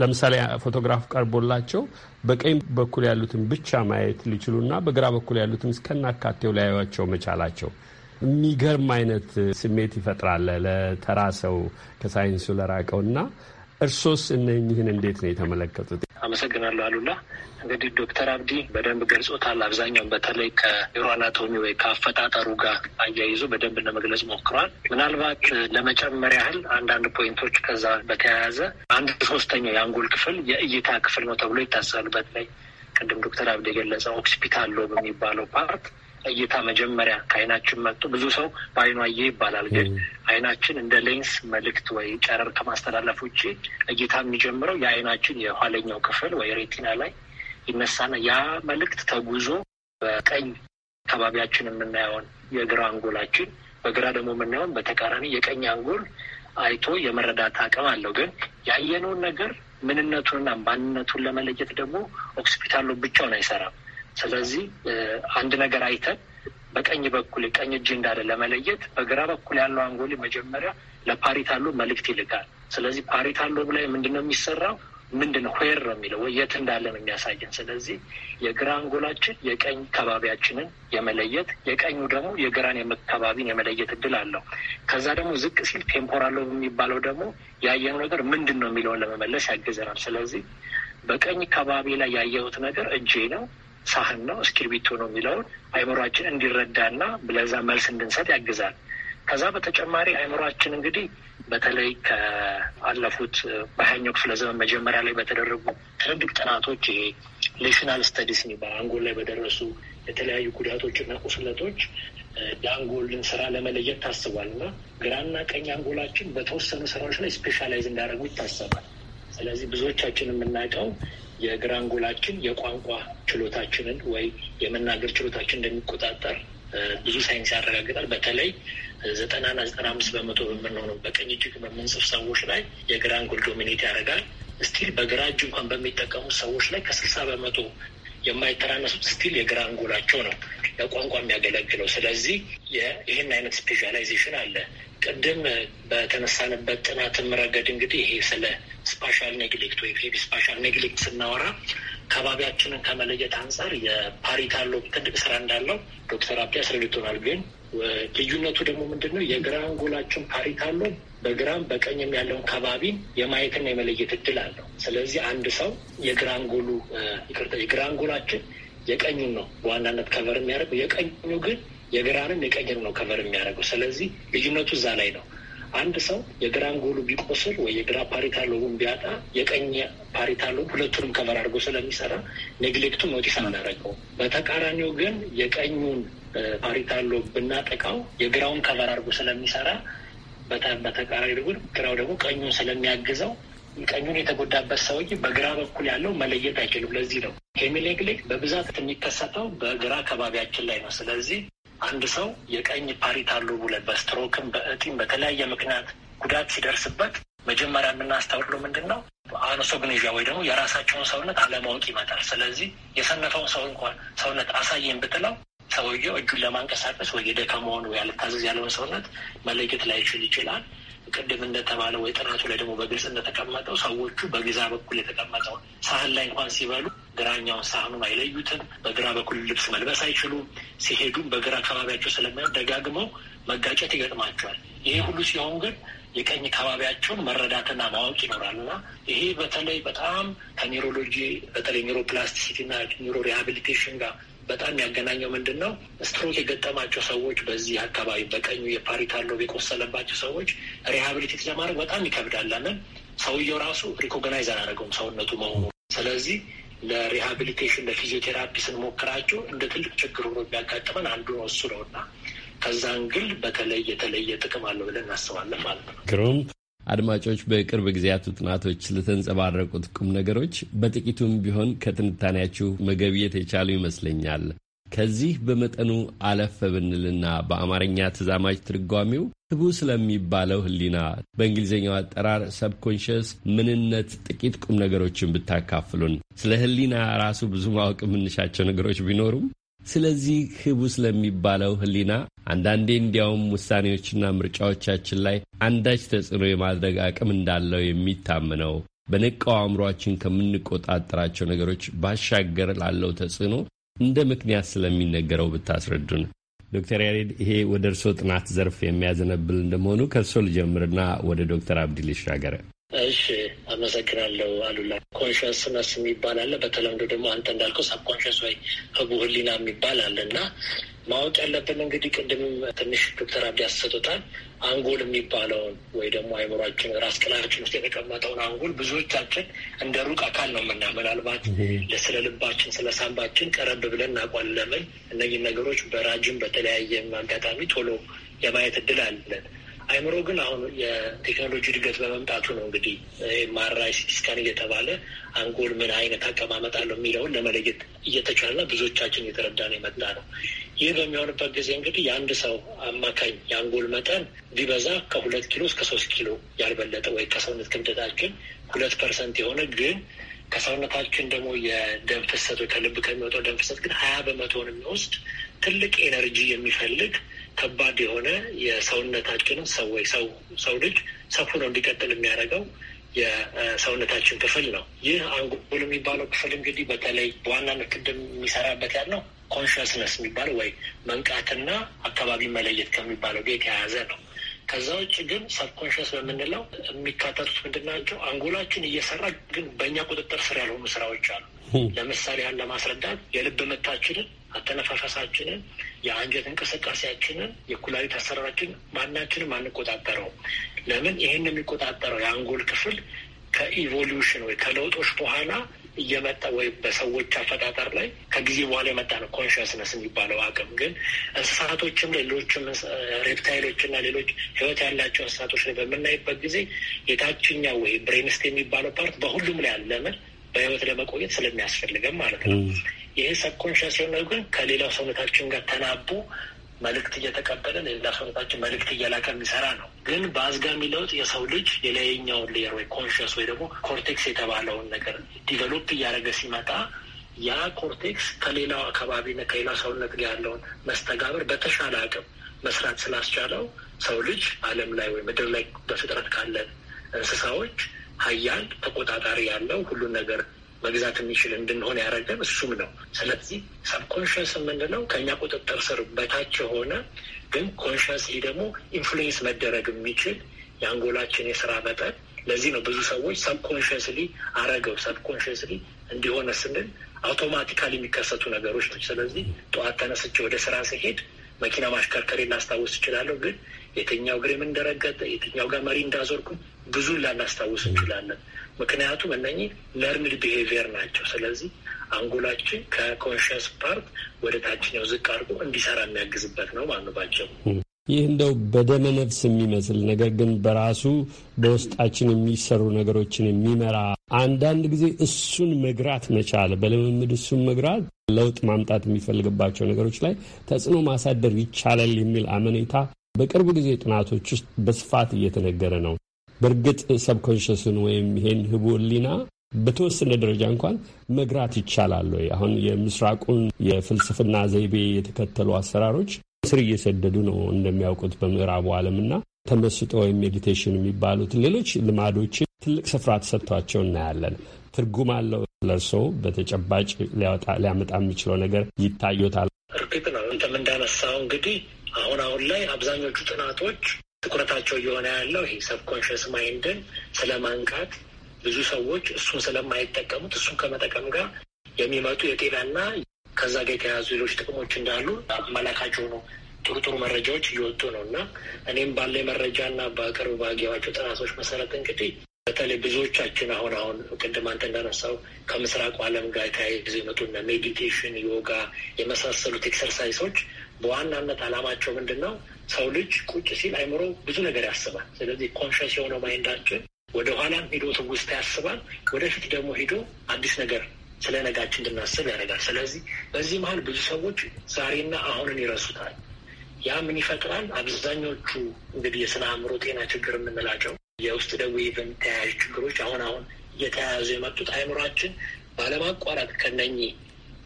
ለምሳሌ ፎቶግራፍ ቀርቦላቸው በቀኝ በኩል ያሉትን ብቻ ማየት ሊችሉና በግራ በኩል ያሉትን እስከናካቴው ላያዩዋቸው መቻላቸው የሚገርም አይነት ስሜት ይፈጥራል ለተራ ሰው ከሳይንሱ ለራቀውና እርሶስ እነኝህን እንዴት ነው የተመለከቱት? አመሰግናለሁ አሉላ። እንግዲህ ዶክተር አብዲ በደንብ ገልጾታል። አብዛኛውን በተለይ ከኒውሮ አናቶሚ ወይ ከአፈጣጠሩ ጋር አያይዞ በደንብ ለመግለጽ ሞክሯል። ምናልባት ለመጨመር ያህል አንዳንድ ፖይንቶች ከዛ በተያያዘ አንድ ሶስተኛው የአንጎል ክፍል የእይታ ክፍል ነው ተብሎ ይታሰባል። በተለይ ቅድም ዶክተር አብዲ የገለጸ ኦክሲፒታል ሎብ የሚባለው ፓርት እይታ መጀመሪያ ከአይናችን መጡ። ብዙ ሰው በአይኑ አየ ይባላል። ግን አይናችን እንደ ሌንስ መልእክት ወይ ጨረር ከማስተላለፍ ውጭ እይታ የሚጀምረው የአይናችን የኋለኛው ክፍል ወይ ሬቲና ላይ ይነሳና ያ መልእክት ተጉዞ በቀኝ አካባቢያችን የምናየውን የግራ አንጎላችን በግራ ደግሞ የምናየውን በተቃራኒ የቀኝ አንጎል አይቶ የመረዳት አቅም አለው። ግን ያየነውን ነገር ምንነቱንና ማንነቱን ለመለየት ደግሞ ሆስፒታሉ ብቻውን አይሰራም። ስለዚህ አንድ ነገር አይተን በቀኝ በኩል ቀኝ እጅ እንዳለ ለመለየት በግራ በኩል ያለው አንጎሌ መጀመሪያ ለፓሪታሎ መልእክት ይልካል። ስለዚህ ፓሪታሎ ላይ ምንድነው የሚሰራው? ምንድነው ሄር ነው የሚለው ወይ የት እንዳለ ነው የሚያሳየን። ስለዚህ የግራ አንጎላችን የቀኝ ከባቢያችንን የመለየት የቀኙ ደግሞ የግራን የመከባቢን የመለየት እድል አለው። ከዛ ደግሞ ዝቅ ሲል ቴምፖራሎ የሚባለው ደግሞ ያየነው ነገር ምንድን ነው የሚለውን ለመመለስ ያግዘናል። ስለዚህ በቀኝ ከባቢ ላይ ያየሁት ነገር እጄ ነው ሳህን ነው እስክሪቢቶ ነው የሚለውን አይምሯችን እንዲረዳና ለዛ መልስ እንድንሰጥ ያግዛል። ከዛ በተጨማሪ አይምሯችን እንግዲህ በተለይ ከአለፉት በሀያኛው ክፍለ ዘመን መጀመሪያ ላይ በተደረጉ ትልልቅ ጥናቶች ይሄ ሌሽናል ስተዲስ የሚባል አንጎል ላይ በደረሱ የተለያዩ ጉዳቶች እና ቁስለቶች የአንጎልን ስራ ለመለየት ታስቧል እና ግራና ቀኝ አንጎላችን በተወሰኑ ስራዎች ላይ ስፔሻላይዝ እንዳደረጉ ይታሰባል። ስለዚህ ብዙዎቻችን የምናውቀው የግራንጎላችን የቋንቋ ችሎታችንን ወይ የመናገር ችሎታችን እንደሚቆጣጠር ብዙ ሳይንስ ያረጋግጣል። በተለይ ዘጠናና ዘጠና አምስት በመቶ በምንሆነው በቀኝ እጅግ በምንጽፍ ሰዎች ላይ የግራንጉል ዶሚኔት ያደርጋል። ስቲል በግራ እጅ እንኳን በሚጠቀሙ ሰዎች ላይ ከስልሳ በመቶ የማይተራነሱት ስቲል የግራ አንጎላቸው ነው ለቋንቋ የሚያገለግለው። ስለዚህ ይህን አይነት ስፔሻላይዜሽን አለ። ቅድም በተነሳንበት ጥናትም ረገድ እንግዲህ ይሄ ስለ ስፓሻል ኔግሌክት ወይ ፌቢ ስፓሻል ኔግሌክት ስናወራ ከባቢያችንን ከመለየት አንጻር የፓሪታሎ ትልቅ ስራ እንዳለው ዶክተር አብዲ አስረድቶናል። ግን ልዩነቱ ደግሞ ምንድን ነው? የግራ አንጎላችን ፓሪታሎ በግራም በቀኝም ያለውን ከባቢን የማየትና የመለየት እድል አለው። ስለዚህ አንድ ሰው የግራ አንጎሉ ይቅርታ፣ የግራ አንጎላችን የቀኙን ነው በዋናነት ከቨር የሚያደርገው የቀኙ ግን የግራንም የቀኝን ነው ከበር የሚያደርገው። ስለዚህ ልዩነቱ እዛ ላይ ነው። አንድ ሰው የግራን ጎሉ ቢቆስል ወይ የግራ ፓሪታ ሎቡን ቢያጣ የቀኝ ፓሪታ ሎብ ሁለቱንም ከበር አድርጎ ስለሚሰራ ኔግሌክቱ ኖቲስ አናደርገው። በተቃራኒው ግን የቀኙን ፓሪታ ሎብ ብናጠቃው የግራውን ከበር አድርጎ ስለሚሰራ፣ በተቃራኒ ግን ግራው ደግሞ ቀኙን ስለሚያግዘው ቀኙን የተጎዳበት ሰውዬ በግራ በኩል ያለው መለየት አይችልም። ለዚህ ነው ሄሚሌግሌክ በብዛት የሚከሰተው በግራ ከባቢያችን ላይ ነው። ስለዚህ አንድ ሰው የቀኝ ፓሪት አሉ ብለ በስትሮክም በእጢም በተለያየ ምክንያት ጉዳት ሲደርስበት መጀመሪያ የምናስተውለው ምንድን ነው? አኖሶግኔዣ ወይ ደግሞ የራሳቸውን ሰውነት አለማወቅ ይመጣል። ስለዚህ የሰነፈውን ሰው እንኳን ሰውነት አሳየን ብትለው ሰውየው እጁን ለማንቀሳቀስ ወይ የደከመውን ወይ አልታዘዝ ያለውን ሰውነት መለየት ላይችል ይችላል። ቅድም እንደተባለው ወይ ጥናቱ ላይ ደግሞ በግልጽ እንደተቀመጠው ሰዎቹ በግዛ በኩል የተቀመጠው ሳህን ላይ እንኳን ሲበሉ ግራኛውን ሳህኑን አይለዩትም። በግራ በኩል ልብስ መልበስ አይችሉም። ሲሄዱም በግራ አካባቢያቸው ስለማይሆን ደጋግመው መጋጨት ይገጥማቸዋል። ይሄ ሁሉ ሲሆን ግን የቀኝ ከባቢያቸውን መረዳትና ማወቅ ይኖራል እና ይሄ በተለይ በጣም ከኒውሮሎጂ በተለይ ኒውሮፕላስቲሲቲና ኒውሮ ሪሃቢሊቴሽን ጋር በጣም ያገናኘው ምንድን ነው? ስትሮክ የገጠማቸው ሰዎች በዚህ አካባቢ በቀኙ የፓሪታሎ የቆሰለባቸው ሰዎች ሪሃቢሊቴት ለማድረግ በጣም ይከብዳል። ለምን ሰውየው ራሱ ሪኮግናይዝ አላደረገውም ሰውነቱ መሆኑ። ስለዚህ ለሪሃቢሊቴሽን ለፊዚዮቴራፒ ስንሞክራቸው እንደ ትልቅ ችግር ሆኖ የሚያጋጥመን አንዱ ነው እሱ ነው እና ከዛን ግል በተለይ የተለየ ጥቅም አለው ብለን እናስባለን ማለት ነው። ግሩም አድማጮች፣ በቅርብ ጊዜያቱ ጥናቶች ለተንጸባረቁት ቁም ነገሮች በጥቂቱም ቢሆን ከትንታኔያችሁ መገብየት የቻሉ ይመስለኛል። ከዚህ በመጠኑ አለፈ ብንልና በአማርኛ ተዛማጅ ትርጓሚው ትጉ ስለሚባለው ህሊና በእንግሊዝኛው አጠራር ሰብኮንሽስ ምንነት ጥቂት ቁም ነገሮችን ብታካፍሉን። ስለ ህሊና ራሱ ብዙ ማወቅ የምንሻቸው ነገሮች ቢኖሩም ስለዚህ ህቡ ስለሚባለው ህሊና አንዳንዴ እንዲያውም ውሳኔዎችና ምርጫዎቻችን ላይ አንዳች ተጽዕኖ የማድረግ አቅም እንዳለው የሚታምነው በነቃው አእምሯችን ከምንቆጣጠራቸው ነገሮች ባሻገር ላለው ተጽዕኖ እንደ ምክንያት ስለሚነገረው ብታስረዱን። ዶክተር ያሬድ ይሄ ወደ እርስዎ ጥናት ዘርፍ የሚያዘነብል እንደመሆኑ ከእርሶ ልጀምርና ወደ ዶክተር አብዲ ልሻገር። እሺ አመሰግናለሁ አሉላ። ኮንሽንስነስ የሚባል አለ። በተለምዶ ደግሞ አንተ እንዳልከው ሳብኮንሽንስ ወይ ህቡ ህሊና የሚባል አለ እና ማወቅ ያለብን እንግዲህ ቅድምም ትንሽ ዶክተር አብዲ ያሰጡታል አንጎል የሚባለውን ወይ ደግሞ አይምሯችን ራስ ቅላችን ውስጥ የተቀመጠውን አንጎል ብዙዎቻችን እንደ ሩቅ አካል ነው ምና ምናልባት ስለ ልባችን ስለ ሳንባችን ቀረብ ብለን እናውቋል። ለምን እነዚህ ነገሮች በራጅም በተለያየ አጋጣሚ ቶሎ የማየት እድል አለን። አይምሮ ግን አሁን የቴክኖሎጂ እድገት በመምጣቱ ነው እንግዲህ ማራይ ሲስካን እየተባለ አንጎል ምን አይነት አቀማመጥ አለው የሚለውን ለመለየት እየተቻለ ብዙዎቻችን እየተረዳ ነው የመጣ ነው። ይህ በሚሆንበት ጊዜ እንግዲህ የአንድ ሰው አማካኝ የአንጎል መጠን ቢበዛ ከሁለት ኪሎ እስከ ሶስት ኪሎ ያልበለጠ ወይ ከሰውነት ክብደታችን ሁለት ፐርሰንት የሆነ ግን ከሰውነታችን ደግሞ የደም ወይ ከልብ ከሚወጣው ደም ፍሰት ግን ሀያ በመቶውን የሚወስድ ትልቅ ኤነርጂ የሚፈልግ ከባድ የሆነ የሰውነታችንን ሰዎች ሰው ሰው ልጅ ሰፉ ነው እንዲቀጥል የሚያደርገው የሰውነታችን ክፍል ነው። ይህ አንጎል የሚባለው ክፍል እንግዲህ በተለይ በዋናነት ቅድም የሚሰራበት ያለው ኮንሽስነስ የሚባለው ወይ መንቃትና አካባቢ መለየት ከሚባለው ጋር የተያያዘ ነው። ከዛ ውጭ ግን ሰብኮንሽስ በምንለው የሚካተቱት ምንድን ናቸው? አንጎላችን እየሰራ ግን በእኛ ቁጥጥር ስር ያልሆኑ ስራዎች አሉ። ለምሳሌ ያን ለማስረዳት የልብ ምታችንን፣ አተነፋፈሳችንን፣ የአንጀት እንቅስቃሴያችንን፣ የኩላሊት አሰራራችን ማናችንም አንቆጣጠረው። ለምን? ይህን የሚቆጣጠረው የአንጎል ክፍል ከኢቮሉሽን ወይ ከለውጦች በኋላ እየመጣ ወይ በሰዎች አፈጣጠር ላይ ከጊዜ በኋላ የመጣ ነው ኮንሽስነስ የሚባለው አቅም። ግን እንስሳቶችም ሌሎችም ሬፕታይሎች እና ሌሎች ህይወት ያላቸው እንስሳቶች ላይ በምናይበት ጊዜ የታችኛው ወይ ብሬንስት የሚባለው ፓርት በሁሉም ላይ አለምን በህይወት ለመቆየት ስለሚያስፈልገን ማለት ነው። ይህ ሰብኮንሽስ የሆነ ግን ከሌላው ሰውነታችን ጋር ተናቦ መልእክት እየተቀበልን የላሰቦታችን መልእክት እየላከ የሚሰራ ነው። ግን በአዝጋሚ ለውጥ የሰው ልጅ የላይኛውን ሌየር ወይ ኮንሽስ ወይ ደግሞ ኮርቴክስ የተባለውን ነገር ዲቨሎፕ እያደረገ ሲመጣ ያ ኮርቴክስ ከሌላው አካባቢና ከሌላው ሰውነት ጋር ያለውን መስተጋብር በተሻለ አቅም መስራት ስላስቻለው ሰው ልጅ ዓለም ላይ ወይ ምድር ላይ በፍጥረት ካለን እንስሳዎች ሀያል ተቆጣጣሪ ያለው ሁሉን ነገር መግዛት የሚችል እንድንሆን ያደረገን እሱም ነው። ስለዚህ ሰብኮንሽንስ የምንለው ከእኛ ቁጥጥር ስር በታች የሆነ ግን ኮንሽንስ ደግሞ ኢንፍሉዌንስ መደረግ የሚችል የአንጎላችን የስራ መጠን ለዚህ ነው ብዙ ሰዎች ሰብኮንሽንስሊ አረገው ሰብኮንሽንስሊ እንዲሆነ ስንል አውቶማቲካሊ የሚከሰቱ ነገሮች ናቸው። ስለዚህ ጠዋት ተነስቼ ወደ ስራ ስሄድ መኪና ማሽከርከሬ ላስታውስ እችላለሁ ግን የትኛው እግሬ እንደረገጠ፣ የትኛው ጋር መሪ እንዳዞርኩ ብዙ ላናስታውስ እንችላለን። ምክንያቱም እነኚህ ለርንድ ቢሄቪየር ናቸው። ስለዚህ አንጎላችን ከኮንሽንስ ፓርት ወደ ታችኛው ዝቅ አድርጎ እንዲሰራ የሚያግዝበት ነው ማንባቸው። ይህ እንደው በደመ ነፍስ የሚመስል ነገር ግን በራሱ በውስጣችን የሚሰሩ ነገሮችን የሚመራ አንዳንድ ጊዜ እሱን መግራት መቻል በልምምድ እሱን መግራት ለውጥ ማምጣት የሚፈልግባቸው ነገሮች ላይ ተጽዕኖ ማሳደር ይቻላል የሚል አመኔታ በቅርብ ጊዜ ጥናቶች ውስጥ በስፋት እየተነገረ ነው። በእርግጥ ሰብኮንሽስን ወይም ይሄን ህቡሊና በተወሰነ ደረጃ እንኳን መግራት ይቻላል ወይ? አሁን የምስራቁን የፍልስፍና ዘይቤ የተከተሉ አሰራሮች ስር እየሰደዱ ነው እንደሚያውቁት በምዕራቡ ዓለምና ተመስጦ ወይም ሜዲቴሽን የሚባሉት ሌሎች ልማዶችን ትልቅ ስፍራ ተሰጥቷቸው እናያለን። ትርጉም አለው ለእርስዎ በተጨባጭ ሊያመጣ የሚችለው ነገር ይታዩታል። እርግጥ ነው እንትም እንዳነሳው እንግዲህ አሁን አሁን ላይ አብዛኞቹ ጥናቶች ትኩረታቸው እየሆነ ያለው ይሄ ሰብኮንሽስ ማይንድን ስለማንቃት ብዙ ሰዎች እሱን ስለማይጠቀሙት እሱን ከመጠቀም ጋር የሚመጡ የጤናና ከዛ ጋር የተያዙ ሌሎች ጥቅሞች እንዳሉ አመላካቸው ነው። ጥሩ ጥሩ መረጃዎች እየወጡ ነው እና እኔም ባለ መረጃ መረጃና በቅርብ ባገኘኋቸው ጥናቶች መሰረት እንግዲህ በተለይ ብዙዎቻችን አሁን አሁን ቅድም አንተ እንዳነሳው ከምስራቁ ዓለም ጋር የተያይዘው የመጡና ሜዲቴሽን፣ ዮጋ የመሳሰሉት ኤክሰርሳይሶች በዋናነት አላማቸው ምንድን ነው? ሰው ልጅ ቁጭ ሲል አይምሮ ብዙ ነገር ያስባል። ስለዚህ ኮንሽስ የሆነው ማይንዳችን ወደ ኋላም ሂዶ ትውስታ ያስባል፣ ወደፊት ደግሞ ሂዶ አዲስ ነገር ስለ ነጋችን እንድናስብ ያደርጋል። ስለዚህ በዚህ መሀል ብዙ ሰዎች ዛሬና አሁንን ይረሱታል። ያ ምን ይፈጥራል? አብዛኞቹ እንግዲህ የስነ አእምሮ ጤና ችግር የምንላቸው የውስጥ ደዌ ተያያዥ ችግሮች አሁን አሁን እየተያያዙ የመጡት አይምሯችን ባለማቋረጥ ከነኚህ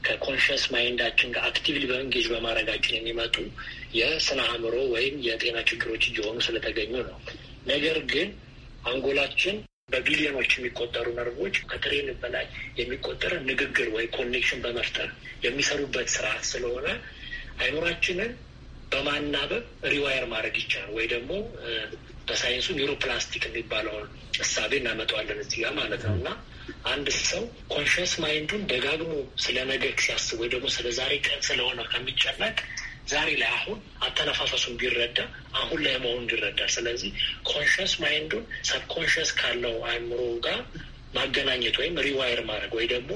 ከኮንሽስ ማይንዳችን ጋር አክቲቭሊ በእንጌጅ በማድረጋችን የሚመጡ የስነ አእምሮ ወይም የጤና ችግሮች እየሆኑ ስለተገኙ ነው። ነገር ግን አንጎላችን በቢሊዮኖች የሚቆጠሩ ነርቮች ከትሬን በላይ የሚቆጠር ንግግር ወይ ኮኔክሽን በመፍጠር የሚሰሩበት ስርዓት ስለሆነ አይምሯችንን በማናበብ ሪዋየር ማድረግ ይቻላል ወይ ደግሞ በሳይንሱ ኒውሮፕላስቲክ የሚባለውን እሳቤ እናመጣዋለን እዚህ ጋር ማለት ነው። እና አንድ ሰው ኮንሽስ ማይንዱን ደጋግሞ ስለ ነገ ሲያስብ ወይ ደግሞ ስለ ዛሬ ቀን ስለሆነ ከሚጨነቅ ዛሬ ላይ አሁን አተነፋፈሱን ቢረዳ አሁን ላይ መሆኑን ይረዳል። ስለዚህ ኮንሽስ ማይንዱን ሰብኮንሽስ ካለው አእምሮ ጋር ማገናኘት ወይም ሪዋይር ማድረግ ወይ ደግሞ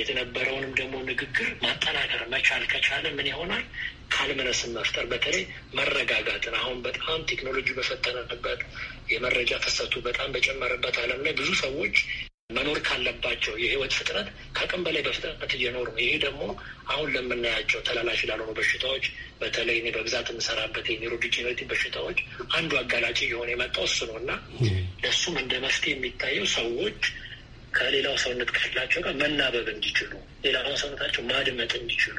የተነበረውንም ደግሞ ንግግር ማጠናከር መቻል ከቻለ ምን ይሆናል? ካልመነስን መፍጠር በተለይ መረጋጋትን አሁን በጣም ቴክኖሎጂ በፈጠነበት የመረጃ ፍሰቱ በጣም በጨመረበት ዓለም ላይ ብዙ ሰዎች መኖር ካለባቸው የህይወት ፍጥነት ከቅም በላይ በፍጥነት እየኖሩ ነው። ይሄ ደግሞ አሁን ለምናያቸው ተላላፊ ላልሆኑ በሽታዎች በተለይ እኔ በብዛት የምሰራበት የኒውሮዲጀነሬቲቭ በሽታዎች አንዱ አጋላጭ የሆነ የመጣው እሱ ነው እና ለእሱም እንደ መፍትሄ የሚታየው ሰዎች ከሌላው ሰውነት ክፍላቸው ጋር መናበብ እንዲችሉ፣ ሌላውን ሰውነታቸው ማድመጥ እንዲችሉ፣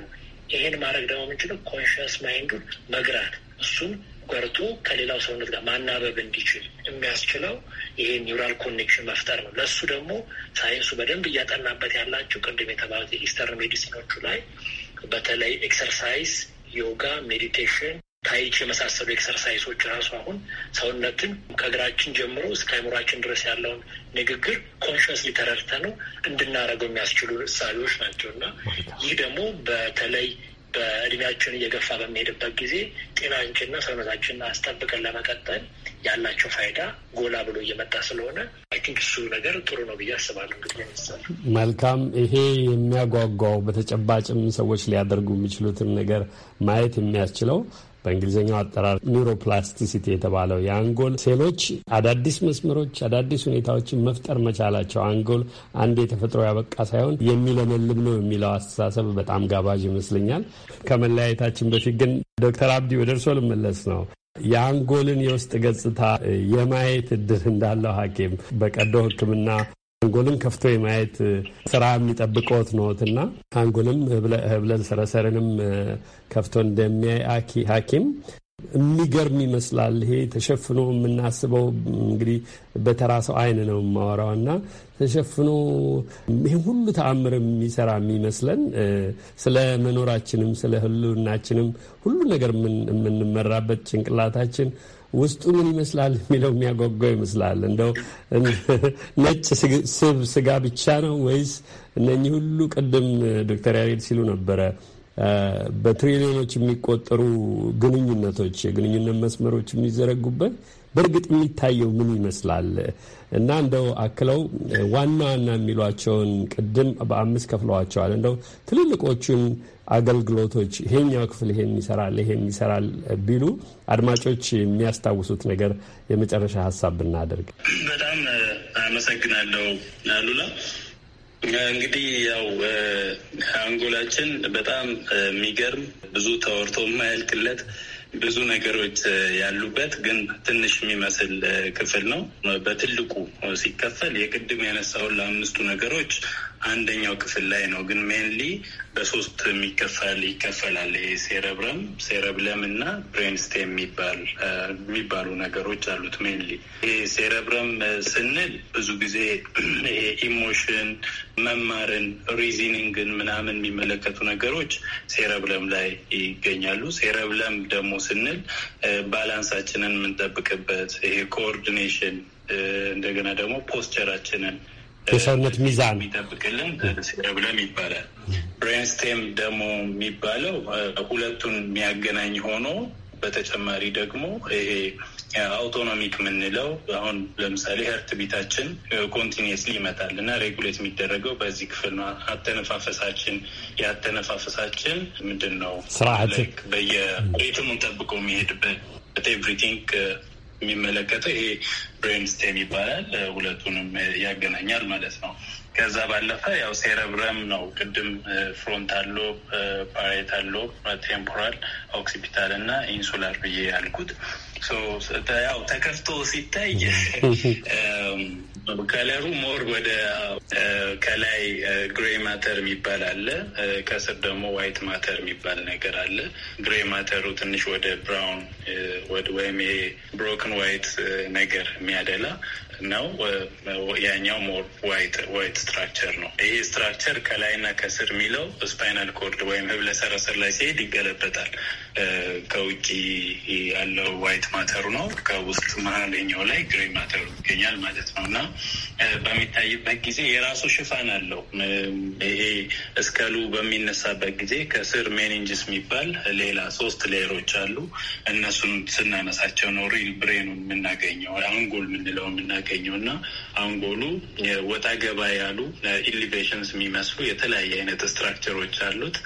ይሄን ማድረግ ደግሞ የምንችለው ኮንሽንስ ማይንዱን መግራት እሱን ገርቶ ከሌላው ሰውነት ጋር ማናበብ እንዲችል የሚያስችለው ይሄ ኒውራል ኮኔክሽን መፍጠር ነው። ለእሱ ደግሞ ሳይንሱ በደንብ እያጠናበት ያላቸው ቅድም የተባሉት የኢስተርን ሜዲሲኖቹ ላይ በተለይ ኤክሰርሳይዝ፣ ዮጋ፣ ሜዲቴሽን ታይች የመሳሰሉ ኤክሰርሳይሶች ራሱ አሁን ሰውነትን ከእግራችን ጀምሮ እስከ አይምሯችን ድረስ ያለውን ንግግር ኮንሽንስ ሊተረድተ ነው እንድናደርገው የሚያስችሉ እሳቢዎች ናቸው እና ይህ ደግሞ በተለይ በእድሜያችን እየገፋ በሚሄድበት ጊዜ ጤናችንና ሰውነታችን አስጠብቀን ለመቀጠል ያላቸው ፋይዳ ጎላ ብሎ እየመጣ ስለሆነ አይ እሱ ነገር ጥሩ ነው ብዬ አስባለሁ። እንግዲህ መልካም፣ ይሄ የሚያጓጓው በተጨባጭም ሰዎች ሊያደርጉ የሚችሉትን ነገር ማየት የሚያስችለው በእንግሊዝኛው አጠራር ኒውሮፕላስቲሲቲ የተባለው የአንጎል ሴሎች አዳዲስ መስመሮች፣ አዳዲስ ሁኔታዎችን መፍጠር መቻላቸው አንጎል አንድ የተፈጥሮ ያበቃ ሳይሆን የሚለመልም ነው የሚለው አስተሳሰብ በጣም ጋባዥ ይመስለኛል። ከመለያየታችን በፊት ግን ዶክተር አብዲ ወደ ልመለስ ነው። የአንጎልን የውስጥ ገጽታ የማየት እድል እንዳለው ሐኪም በቀዶ ሕክምና አንጎልን ከፍቶ የማየት ስራ የሚጠብቀዎት ነዎትና አንጎልም ህብለ ሰረሰርንም ከፍቶ እንደሚያይ አኪ ሐኪም የሚገርም ይመስላል። ይሄ ተሸፍኖ የምናስበው እንግዲህ በተራ ሰው አይን ነው የማወራው እና ተሸፍኖ ይህ ሁሉ ተአምር የሚሰራ የሚመስለን ስለ መኖራችንም ስለ ህልውናችንም ሁሉ ነገር የምንመራበት ጭንቅላታችን ውስጡ ምን ይመስላል የሚለው የሚያጓጓው ይመስላል። እንደው (laughs) ነጭ ስብ ስጋ ብቻ ነው ወይስ እነኚህ ሁሉ? ቅድም ዶክተር ያሬድ ሲሉ ነበረ በትሪሊዮኖች የሚቆጠሩ ግንኙነቶች፣ የግንኙነት መስመሮች የሚዘረጉበት በእርግጥ የሚታየው ምን ይመስላል? እና እንደው አክለው ዋና ዋና የሚሏቸውን ቅድም በአምስት ከፍለዋቸዋል። እንደው ትልልቆቹን አገልግሎቶች ይሄኛው ክፍል ይሄን ይሰራል፣ ይሄን ይሰራል ቢሉ አድማጮች የሚያስታውሱት ነገር የመጨረሻ ሀሳብ ብናደርግ። በጣም አመሰግናለሁ አሉላ። እንግዲህ ያው አንጎላችን በጣም የሚገርም ብዙ ተወርቶ የማያልቅለት ብዙ ነገሮች ያሉበት ግን ትንሽ የሚመስል ክፍል ነው። በትልቁ ሲከፈል የቅድም ያነሳውን ለአምስቱ ነገሮች አንደኛው ክፍል ላይ ነው። ግን ሜንሊ በሶስት የሚከፈል ይከፈላል። ይሄ ሴረብረም፣ ሴረብለም እና ብሬንስቴም የሚባሉ ነገሮች አሉት። ሜንሊ ይሄ ሴረብረም ስንል ብዙ ጊዜ (clears throat) ይሄ ኢሞሽን፣ መማርን፣ ሪዝኒንግን ምናምን የሚመለከቱ ነገሮች ሴረብለም ላይ ይገኛሉ። ሴረብለም ደግሞ ስንል ባላንሳችንን የምንጠብቅበት ይሄ ኮኦርዲኔሽን እንደገና ደግሞ ፖስቸራችንን የሰውነት ሚዛን የሚጠብቅልን ሴረብለም ይባላል። ብሬንስቴም ደግሞ የሚባለው ሁለቱን የሚያገናኝ ሆኖ በተጨማሪ ደግሞ ይሄ አውቶኖሚክ የምንለው አሁን ለምሳሌ ህርት ቢታችን ኮንቲኒየስሊ ይመጣል እና ሬጉሌት የሚደረገው በዚህ ክፍል ነው። አተነፋፈሳችን የአተነፋፈሳችን ምንድን ነው ስርዓት በየሪትሙን ጠብቆ የሚሄድበት ኤቭሪቲንግ የሚመለከተው ይሄ ብሬንስቴም ይባላል። ሁለቱንም ያገናኛል ማለት ነው። ከዛ ባለፈ ያው ሴረብረም ነው። ቅድም ፍሮንታል ሎብ፣ ፓሬታል ሎብ፣ ቴምፖራል፣ ኦክሲፒታል እና ኢንሱላር ብዬ ያልኩት ያው ተከፍቶ ሲታይ ከለሩ ሞር ወደ ከላይ ግሬ ማተር የሚባል አለ። ከስር ደግሞ ዋይት ማተር የሚባል ነገር አለ። ግሬ ማተሩ ትንሽ ወደ ብራውን ወይም ብሮክን ዋይት ነገር የሚያደላ ነው። ያኛው ሞር ዋይት ስትራክቸር ነው። ይሄ ስትራክቸር ከላይና ከስር የሚለው ስፓይናል ኮርድ ወይም ህብለ ሰረሰር ላይ ሲሄድ ይገለበጣል። ከውጭ ያለው ዋይት ማተሩ ነው። ከውስጥ መሀለኛው ላይ ግሬ ማተሩ ይገኛል ማለት ነው እና በሚታይበት ጊዜ የራሱ ሽፋን አለው። ይሄ እስከሉ በሚነሳበት ጊዜ ከስር ሜኒንጅስ የሚባል ሌላ ሶስት ሌሮች አሉ። እነሱን ስናነሳቸው ነው ሪል ብሬኑ የምናገኘው አንጎል የምንለው የምናገኘው የሚያገኘው እና አንጎሉ ወጣ ገባ ያሉ ኢሊቬሽንስ የሚመስሉ የተለያየ አይነት ስትራክቸሮች አሉት።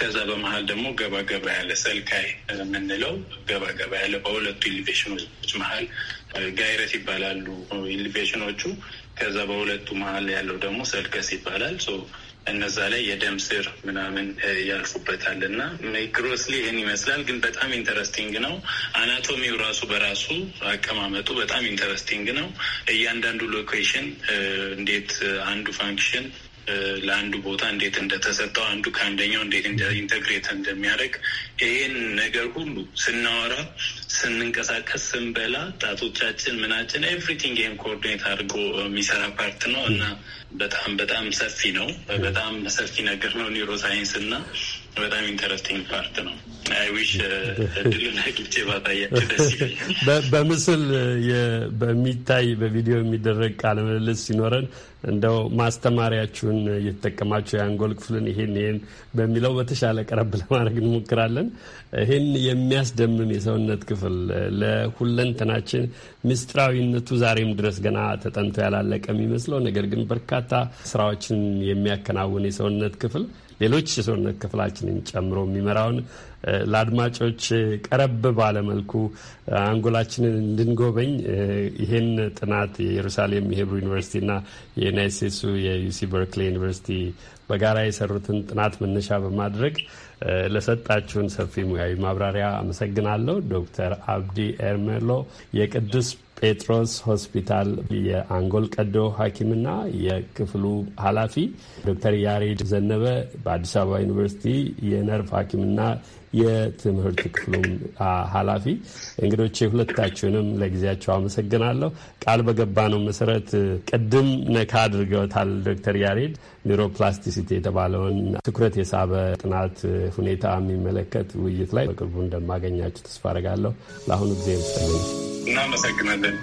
ከዛ በመሀል ደግሞ ገባ ገባ ያለ ሰልካይ የምንለው ገባ ገባ ያለ በሁለቱ ኢሊቬሽኖች መሀል ጋይረት ይባላሉ ኢሊቬሽኖቹ። ከዛ በሁለቱ መሀል ያለው ደግሞ ሰልከስ ይባላል። እነዛ ላይ የደም ስር ምናምን ያልፉበታል እና ግሮስሊ ይህን ይመስላል። ግን በጣም ኢንተረስቲንግ ነው። አናቶሚው ራሱ በራሱ አቀማመጡ በጣም ኢንተረስቲንግ ነው። እያንዳንዱ ሎኬሽን እንዴት አንዱ ፋንክሽን ለአንዱ ቦታ እንዴት እንደተሰጠው አንዱ ከአንደኛው እንዴት ኢንተግሬት እንደሚያደርግ ይህን ነገር ሁሉ ስናወራ፣ ስንንቀሳቀስ፣ ስንበላ፣ ጣቶቻችን፣ ምናችን ኤቭሪቲንግ ይህም ኮኦርዲኔት አድርጎ የሚሰራ ፓርት ነው እና በጣም በጣም ሰፊ ነው። በጣም ሰፊ ነገር ነው ኒውሮ ሳይንስ እና በጣም ኢንተረስቲንግ ፓርት ነው። uh, (laughs) አይዊሽ (laughs) በምስል uh, በሚታይ በቪዲዮ የሚደረግ ቃለ ምልልስ ሲኖረን እንደው ማስተማሪያችሁን እየተጠቀማችሁ የአንጎል ክፍልን ይሄን ይሄን በሚለው በተሻለ ቀረብ ለማድረግ እንሞክራለን። ይሄን የሚያስደምም የሰውነት ክፍል ለሁለንተናችን ምስጢራዊነቱ ዛሬም ድረስ ገና ተጠንቶ ያላለቀ የሚመስለው ነገር ግን በርካታ ስራዎችን የሚያከናውን የሰውነት ክፍል ሌሎች የሰውነት ክፍላችንን ጨምሮ የሚመራውን ለአድማጮች ቀረብ ባለመልኩ አንጎላችንን እንድንጎበኝ ይህን ጥናት የኢየሩሳሌም የሂብሩ ዩኒቨርሲቲና የዩናይት ስቴትሱ የዩሲ በርክሌ ዩኒቨርሲቲ በጋራ የሰሩትን ጥናት መነሻ በማድረግ ለሰጣችሁን ሰፊ ሙያዊ ማብራሪያ አመሰግናለሁ። ዶክተር አብዲ ኤርሜሎ የቅዱስ ጴጥሮስ ሆስፒታል የአንጎል ቀዶ ሐኪምና የክፍሉ ኃላፊ ዶክተር ያሬድ ዘነበ በአዲስ አበባ ዩኒቨርሲቲ የነርቭ ሐኪምና የትምህርት ክፍሉም ኃላፊ እንግዶች ሁለታችሁንም ለጊዜያቸው አመሰግናለሁ። ቃል በገባ ነው መሰረት ቅድም ነካ አድርገውታል ዶክተር ያሬድ ኒውሮፕላስቲሲቲ የተባለውን ትኩረት የሳበ ጥናት ሁኔታ የሚመለከት ውይይት ላይ በቅርቡ እንደማገኛችሁ ተስፋ አረጋለሁ። ለአሁኑ ጊዜ ምስጠልኝ እናመሰግናለን።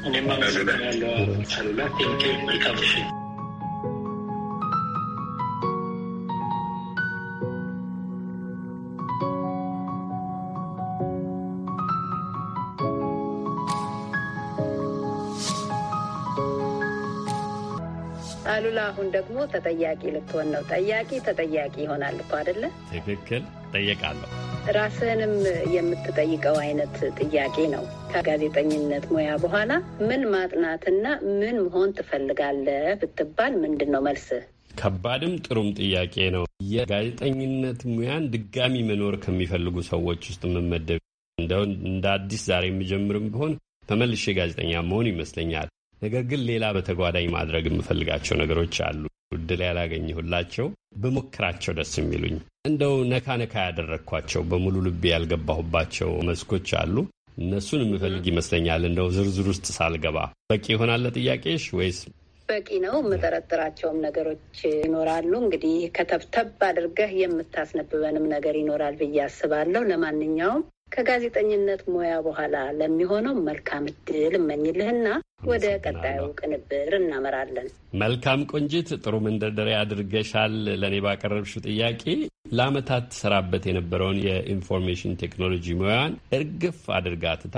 አሉላ አሁን ደግሞ ተጠያቂ ልትሆን ነው። ጠያቂ ተጠያቂ ይሆናል እኮ አደለ? ትክክል። ጠየቃለሁ። ራስህንም የምትጠይቀው አይነት ጥያቄ ነው። ከጋዜጠኝነት ሙያ በኋላ ምን ማጥናትና ምን መሆን ትፈልጋለህ ብትባል ምንድን ነው መልስህ? ከባድም ጥሩም ጥያቄ ነው። የጋዜጠኝነት ሙያን ድጋሚ መኖር ከሚፈልጉ ሰዎች ውስጥ የምመደብ እንደው እንደ አዲስ ዛሬ የምጀምርም ቢሆን ተመልሼ ጋዜጠኛ መሆን ይመስለኛል። ነገር ግን ሌላ በተጓዳኝ ማድረግ የምፈልጋቸው ነገሮች አሉ እድል ያላገኘሁላቸው በሞክራቸው ደስ የሚሉኝ እንደው ነካ ነካ ያደረግኳቸው በሙሉ ልቤ ያልገባሁባቸው መስኮች አሉ። እነሱን የምፈልግ ይመስለኛል። እንደው ዝርዝር ውስጥ ሳልገባ በቂ ይሆናል ጥያቄሽ ወይስ? በቂ ነው። የምጠረጥራቸውም ነገሮች ይኖራሉ። እንግዲህ ከተብተብ አድርገህ የምታስነብበንም ነገር ይኖራል ብዬ አስባለሁ። ለማንኛውም ከጋዜጠኝነት ሙያ በኋላ ለሚሆነው መልካም እድል እመኝልህና ወደ ቀጣዩ ቅንብር እናመራለን። መልካም ቆንጅት፣ ጥሩ መንደርደሪያ አድርገሻል። ለእኔ ባቀረብሽው ጥያቄ ለአመታት ሰራበት የነበረውን የኢንፎርሜሽን ቴክኖሎጂ ሙያን እርግፍ አድርጋ ትታ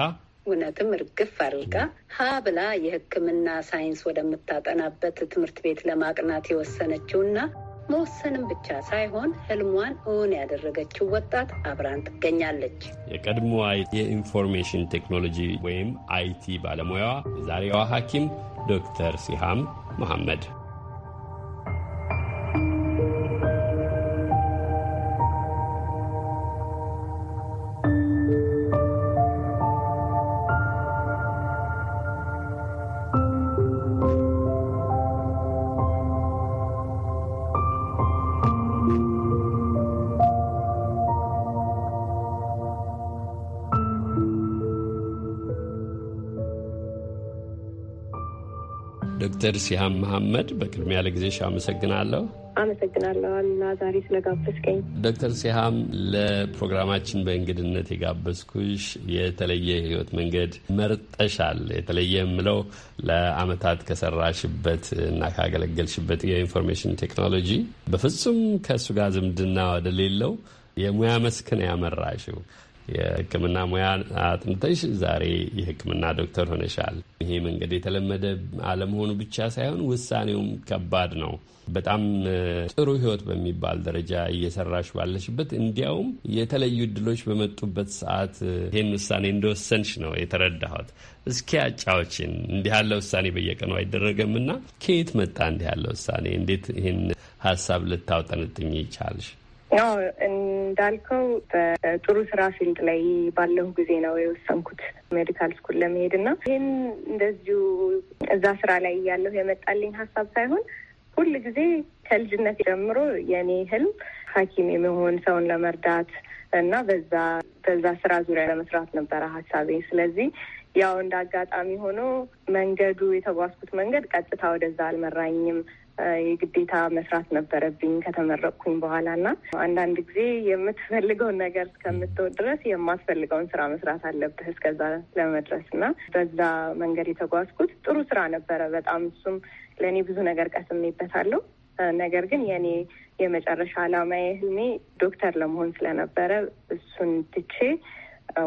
እውነትም እርግፍ አድርጋ ሀ ብላ የሕክምና ሳይንስ ወደምታጠናበት ትምህርት ቤት ለማቅናት የወሰነችውና መወሰንም ብቻ ሳይሆን ህልሟን እውን ያደረገችው ወጣት አብራን ትገኛለች። የቀድሞዋ የኢንፎርሜሽን ቴክኖሎጂ ወይም አይቲ ባለሙያዋ ዛሬዋ ሐኪም ዶክተር ሲሃም መሐመድ ዶክተር ሲሃም መሐመድ በቅድሚያ ለጊዜሽ አመሰግናለሁ። አመሰግናለሁ እና ዛሬ ስለጋበዝከኝ። ዶክተር ሲሃም ለፕሮግራማችን በእንግድነት የጋበዝኩሽ የተለየ ህይወት መንገድ መርጠሻል። የተለየ የምለው ለአመታት ከሰራሽበት እና ካገለገልሽበት የኢንፎርሜሽን ቴክኖሎጂ በፍጹም ከእሱ ጋር ዝምድና ወደሌለው የሙያ መስክን ያመራሽው። የሕክምና ሙያ አጥንተሽ ዛሬ የሕክምና ዶክተር ሆነሻል። ይሄ መንገድ የተለመደ አለመሆኑ ብቻ ሳይሆን ውሳኔውም ከባድ ነው። በጣም ጥሩ ህይወት በሚባል ደረጃ እየሰራሽ ባለሽበት፣ እንዲያውም የተለዩ እድሎች በመጡበት ሰዓት ይህን ውሳኔ እንደወሰንሽ ነው የተረዳሁት። እስኪ አጫዎችን እንዲህ ያለ ውሳኔ በየቀኑ አይደረገምና ከየት መጣ እንዲህ ያለ ውሳኔ? እንዴት ይህን ሀሳብ ልታውጠንጥኝ ይቻልሽ? ያው እንዳልከው በጥሩ ስራ ፊልድ ላይ ባለሁ ጊዜ ነው የወሰንኩት ሜዲካል ስኩል ለመሄድ እና ይህን እንደዚሁ እዛ ስራ ላይ ያለሁ የመጣልኝ ሀሳብ ሳይሆን ሁል ጊዜ ከልጅነት ጀምሮ የእኔ ህልም ሐኪም የመሆን ሰውን ለመርዳት እና በዛ በዛ ስራ ዙሪያ ለመስራት ነበረ ሀሳቤ። ስለዚህ ያው እንደ አጋጣሚ ሆኖ መንገዱ የተጓዝኩት መንገድ ቀጥታ ወደዛ አልመራኝም። የግዴታ መስራት ነበረብኝ ከተመረቅኩኝ በኋላ እና አንዳንድ ጊዜ የምትፈልገውን ነገር እስከምትወድ ድረስ የማትፈልገውን ስራ መስራት አለብህ እስከዛ ለመድረስ እና በዛ መንገድ የተጓዝኩት ጥሩ ስራ ነበረ። በጣም እሱም ለእኔ ብዙ ነገር ቀስሜበታለሁ። ነገር ግን የእኔ የመጨረሻ አላማ ህልሜ ዶክተር ለመሆን ስለነበረ እሱን ትቼ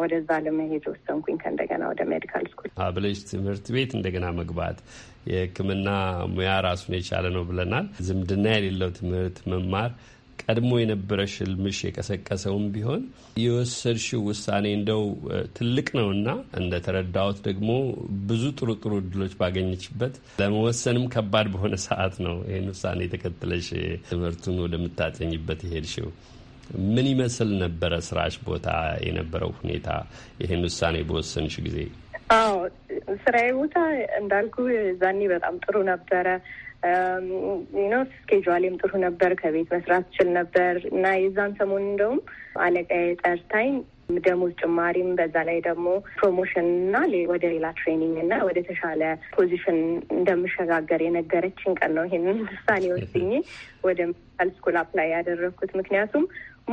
ወደዛ ለመሄድ ወሰንኩኝ። ከእንደገና ወደ ሜዲካል ስኩል አብለሽ ትምህርት ቤት እንደገና መግባት የሕክምና ሙያ ራሱን የቻለ ነው ብለናል። ዝምድና የሌለው ትምህርት መማር ቀድሞ የነበረ ሽልምሽ የቀሰቀሰውም ቢሆን የወሰድሽው ውሳኔ እንደው ትልቅ እንደ እንደተረዳሁት ደግሞ ብዙ ጥሩ ጥሩ እድሎች ባገኘችበት ለመወሰንም ከባድ በሆነ ሰዓት ነው ይህን ውሳኔ የተከትለሽ ትምህርቱን ወደምታጠኝበት የሄድሽው። ምን ይመስል ነበረ ስራሽ ቦታ የነበረው ሁኔታ ይህን ውሳኔ በወሰንሽ ጊዜ? አዎ ስራዬ ቦታ እንዳልኩ ዛኔ በጣም ጥሩ ነበረ ነው ስኬጁሌም ጥሩ ነበር። ከቤት መስራት ችል ነበር እና የዛን ሰሞን እንደውም አለቃዬ ጠርታኝ ደሞዝ ጭማሪም በዛ ላይ ደግሞ ፕሮሞሽን እና ወደ ሌላ ትሬኒንግ እና ወደ ተሻለ ፖዚሽን እንደምሸጋገር የነገረችን ቀን ነው ይህንን ውሳኔ ወስኜ ወደ ሜዲካል ስኩል አፕላይ ያደረግኩት። ምክንያቱም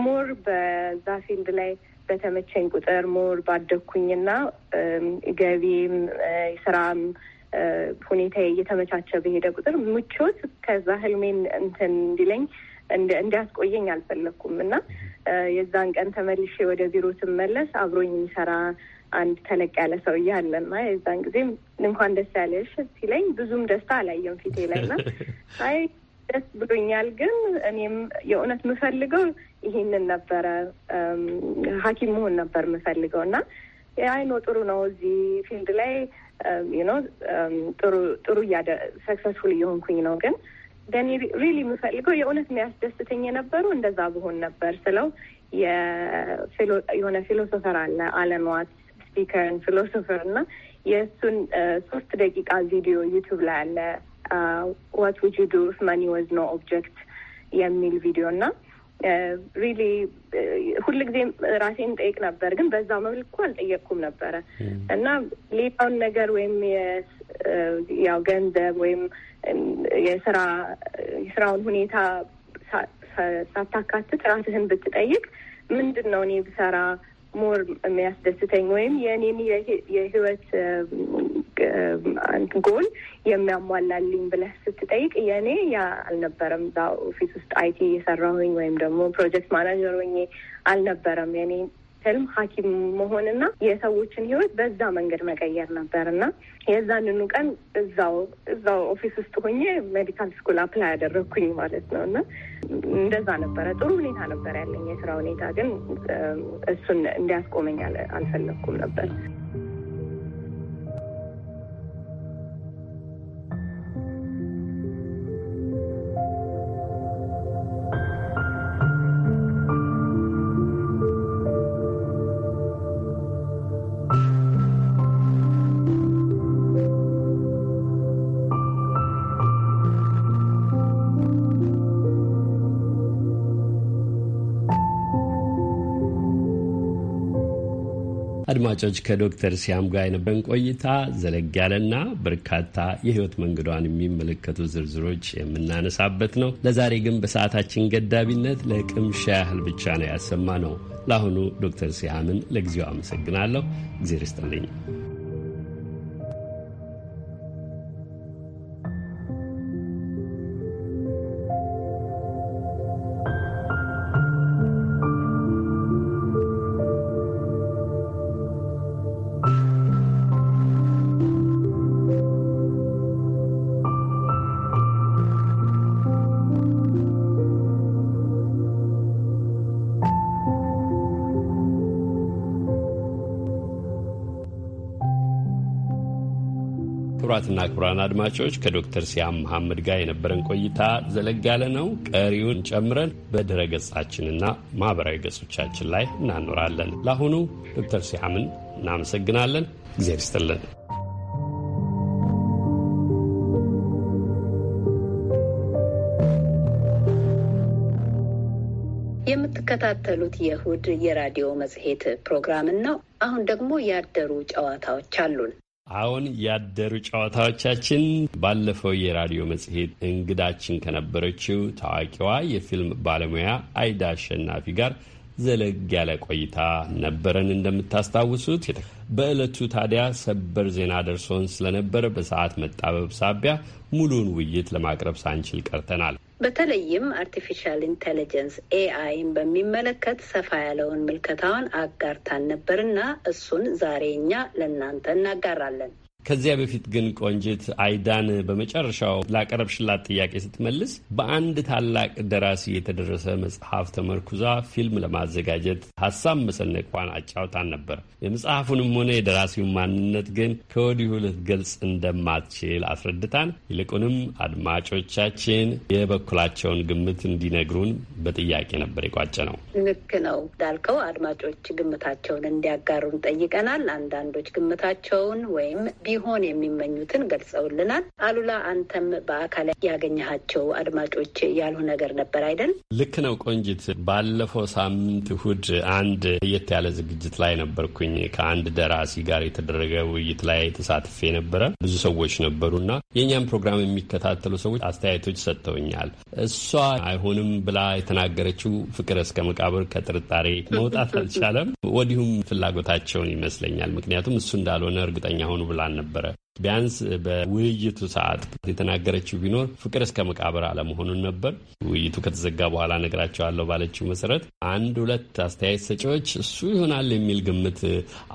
ሞር በዛ ፊልድ ላይ በተመቸኝ ቁጥር ሞር ባደግኩኝና ገቢም ስራም ሁኔታ እየተመቻቸ በሄደ ቁጥር ምቾት ከዛ ህልሜን እንትን እንዲለኝ እንዲያስቆየኝ አልፈለግኩም እና የዛን ቀን ተመልሼ ወደ ቢሮ ስመለስ አብሮኝ የሚሰራ አንድ ተለቅ ያለ ሰውዬ አለና የዛን ጊዜም እንኳን ደስ ያለሽ ሲለኝ ብዙም ደስታ አላየም ፊቴ ላይ ና አይ ደስ ብሎኛል። ግን እኔም የእውነት የምፈልገው ይሄንን ነበረ፣ ሐኪም መሆን ነበር የምፈልገው እና አይኖ ጥሩ ነው እዚህ ፊልድ ላይ ዩኖ ጥሩ ጥሩ እያደ ሰክሰስፉል እየሆንኩኝ ነው። ግን ደኔ ሪሊ የምፈልገው የእውነት የሚያስደስተኝ የነበሩ እንደዛ ብሆን ነበር ስለው የሆነ ፊሎሶፈር አለ አለን ዋትስ ስፒከርን ፊሎሶፈር እና የእሱን ሶስት ደቂቃ ቪዲዮ ዩቱብ ላይ አለ ዋት ውድ ዩ ዱ ኢፍ መኒ ወዝ ኖ ኦብጀክት የሚል ቪዲዮ እና ሪሊ uh, uh, ጊዜ ራሴን ጠይቅ ነበር፣ ግን በዛ መልኩ አልጠየቅኩም ነበረ hmm. እና ሌላውን ነገር ወይም uh, ያው ገንዘብ ወይም የስራ የስራውን ሁኔታ ሳታካትት ራስህን ብትጠይቅ ምንድን ነው እኔ ብሰራ ሞር የሚያስደስተኝ ወይም የእኔን የህይወት ጎል የሚያሟላልኝ ብለህ ስትጠይቅ የእኔ ያ አልነበረም። እዛ ኦፊስ ውስጥ አይቲ እየሰራሁኝ ወይም ደግሞ ፕሮጀክት ማናጀር ሆኜ አልነበረም የኔ ዶክተርም ሐኪም መሆንና የሰዎችን ህይወት በዛ መንገድ መቀየር ነበር እና የዛንኑ ቀን እዛው እዛው ኦፊስ ውስጥ ሆኜ ሜዲካል ስኩል አፕላይ ያደረግኩኝ ማለት ነው እና እንደዛ ነበረ። ጥሩ ሁኔታ ነበር ያለኝ የስራ ሁኔታ፣ ግን እሱን እንዲያስቆመኝ አልፈለግኩም ነበር። አድማጮች ከዶክተር ሲያም ጋር የነበረን ቆይታ ዘለግ ያለና በርካታ የህይወት መንገዷን የሚመለከቱ ዝርዝሮች የምናነሳበት ነው። ለዛሬ ግን በሰዓታችን ገዳቢነት ለቅምሻ ያህል ብቻ ነው ያሰማ ነው። ለአሁኑ ዶክተር ሲያምን ለጊዜው አመሰግናለሁ። እግዜር ይስጥልኝ። ክቡራን አድማጮች ከዶክተር ሲያም መሐመድ ጋር የነበረን ቆይታ ዘለግ ያለ ነው። ቀሪውን ጨምረን በድረ ገጻችንና ማኅበራዊ ገጾቻችን ላይ እናኖራለን። ለአሁኑ ዶክተር ሲያምን እናመሰግናለን። እግዜር ይስጥልን። የምትከታተሉት የእሁድ የራዲዮ መጽሔት ፕሮግራምን ነው። አሁን ደግሞ ያደሩ ጨዋታዎች አሉን። አሁን ያደሩ ጨዋታዎቻችን ባለፈው የራዲዮ መጽሔት እንግዳችን ከነበረችው ታዋቂዋ የፊልም ባለሙያ አይዳ አሸናፊ ጋር ዘለግ ያለ ቆይታ ነበረን። እንደምታስታውሱት በዕለቱ ታዲያ ሰበር ዜና ደርሶን ስለነበረ በሰዓት መጣበብ ሳቢያ ሙሉውን ውይይት ለማቅረብ ሳንችል ቀርተናል። በተለይም አርቲፊሻል ኢንቴሊጀንስ ኤአይን በሚመለከት ሰፋ ያለውን ምልከታውን አጋርታን ነበርና እሱን ዛሬ እኛ ለእናንተ እናጋራለን። ከዚያ በፊት ግን ቆንጅት አይዳን በመጨረሻው ላቀረብሽላት ጥያቄ ስትመልስ በአንድ ታላቅ ደራሲ የተደረሰ መጽሐፍ ተመርኩዛ ፊልም ለማዘጋጀት ሀሳብ መሰነቋን አጫውታን ነበር። የመጽሐፉንም ሆነ የደራሲውን ማንነት ግን ከወዲሁ ልትገልጽ እንደማትችል አስረድታን፣ ይልቁንም አድማጮቻችን የበኩላቸውን ግምት እንዲነግሩን በጥያቄ ነበር የቋጨ ነው። ልክ ነው እንዳልከው አድማጮች ግምታቸውን እንዲያጋሩን ጠይቀናል። አንዳንዶች ግምታቸውን ወይም እንዲሆን የሚመኙትን ገልጸውልናል። አሉላ አንተም በአካል ያገኘሃቸው አድማጮች ያልሁ ነገር ነበር አይደል? ልክ ነው ቆንጂት። ባለፈው ሳምንት እሁድ አንድ ለየት ያለ ዝግጅት ላይ ነበርኩኝ። ከአንድ ደራሲ ጋር የተደረገ ውይይት ላይ ተሳትፌ ነበረ። ብዙ ሰዎች ነበሩና የእኛም ፕሮግራም የሚከታተሉ ሰዎች አስተያየቶች ሰጥተውኛል። እሷ አይሆንም ብላ የተናገረችው ፍቅር እስከ መቃብር ከጥርጣሬ መውጣት አልቻለም። ወዲሁም ፍላጎታቸውን ይመስለኛል። ምክንያቱም እሱ እንዳልሆነ እርግጠኛ ሆኑ ብላ ነበረ። ቢያንስ በውይይቱ ሰዓት የተናገረችው ቢኖር ፍቅር እስከ መቃብር አለመሆኑን ነበር። ውይይቱ ከተዘጋ በኋላ ነግራቸዋለሁ ባለችው መሰረት አንድ ሁለት አስተያየት ሰጪዎች እሱ ይሆናል የሚል ግምት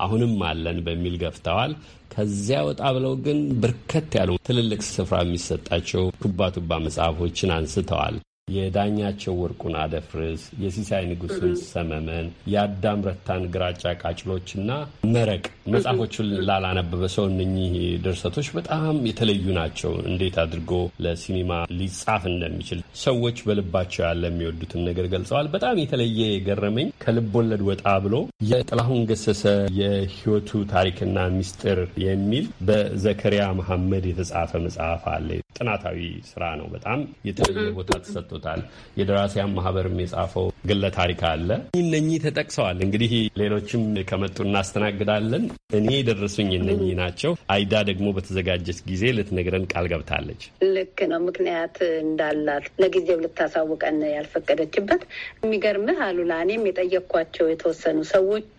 አሁንም አለን በሚል ገፍተዋል። ከዚያ ወጣ ብለው ግን በርከት ያሉ ትልልቅ ስፍራ የሚሰጣቸው ቱባ ቱባ መጽሐፎችን አንስተዋል። የዳኛቸው ወርቁን አደፍርስ፣ የሲሳይ ንጉሱን ሰመመን፣ የአዳም ረታን ግራጫ ቃጭሎችና መረቅ መጽሐፎቹን ላላነበበ ሰው እነኚህ ድርሰቶች በጣም የተለዩ ናቸው። እንዴት አድርጎ ለሲኒማ ሊጻፍ እንደሚችል ሰዎች በልባቸው ያለ የሚወዱትን ነገር ገልጸዋል። በጣም የተለየ የገረመኝ ከልብ ወለድ ወጣ ብሎ የጥላሁን ገሰሰ የህይወቱ ታሪክና ሚስጥር የሚል በዘከሪያ መሐመድ የተጻፈ መጽሐፍ አለ። ጥናታዊ ስራ ነው። በጣም የተለየ ቦታ ተሰጥቶ ይገልጹታል። የደራሲያን ማህበርም የጻፈው ግለ ታሪክ አለ። እነኚህ ተጠቅሰዋል። እንግዲህ ሌሎችም ከመጡ እናስተናግዳለን። እኔ የደረሱኝ እነኚህ ናቸው። አይዳ ደግሞ በተዘጋጀች ጊዜ ልትነግረን ቃል ገብታለች። ልክ ነው። ምክንያት እንዳላት ለጊዜው ልታሳውቀን ያልፈቀደችበት የሚገርምህ አሉላ እኔም የጠየኳቸው የተወሰኑ ሰዎች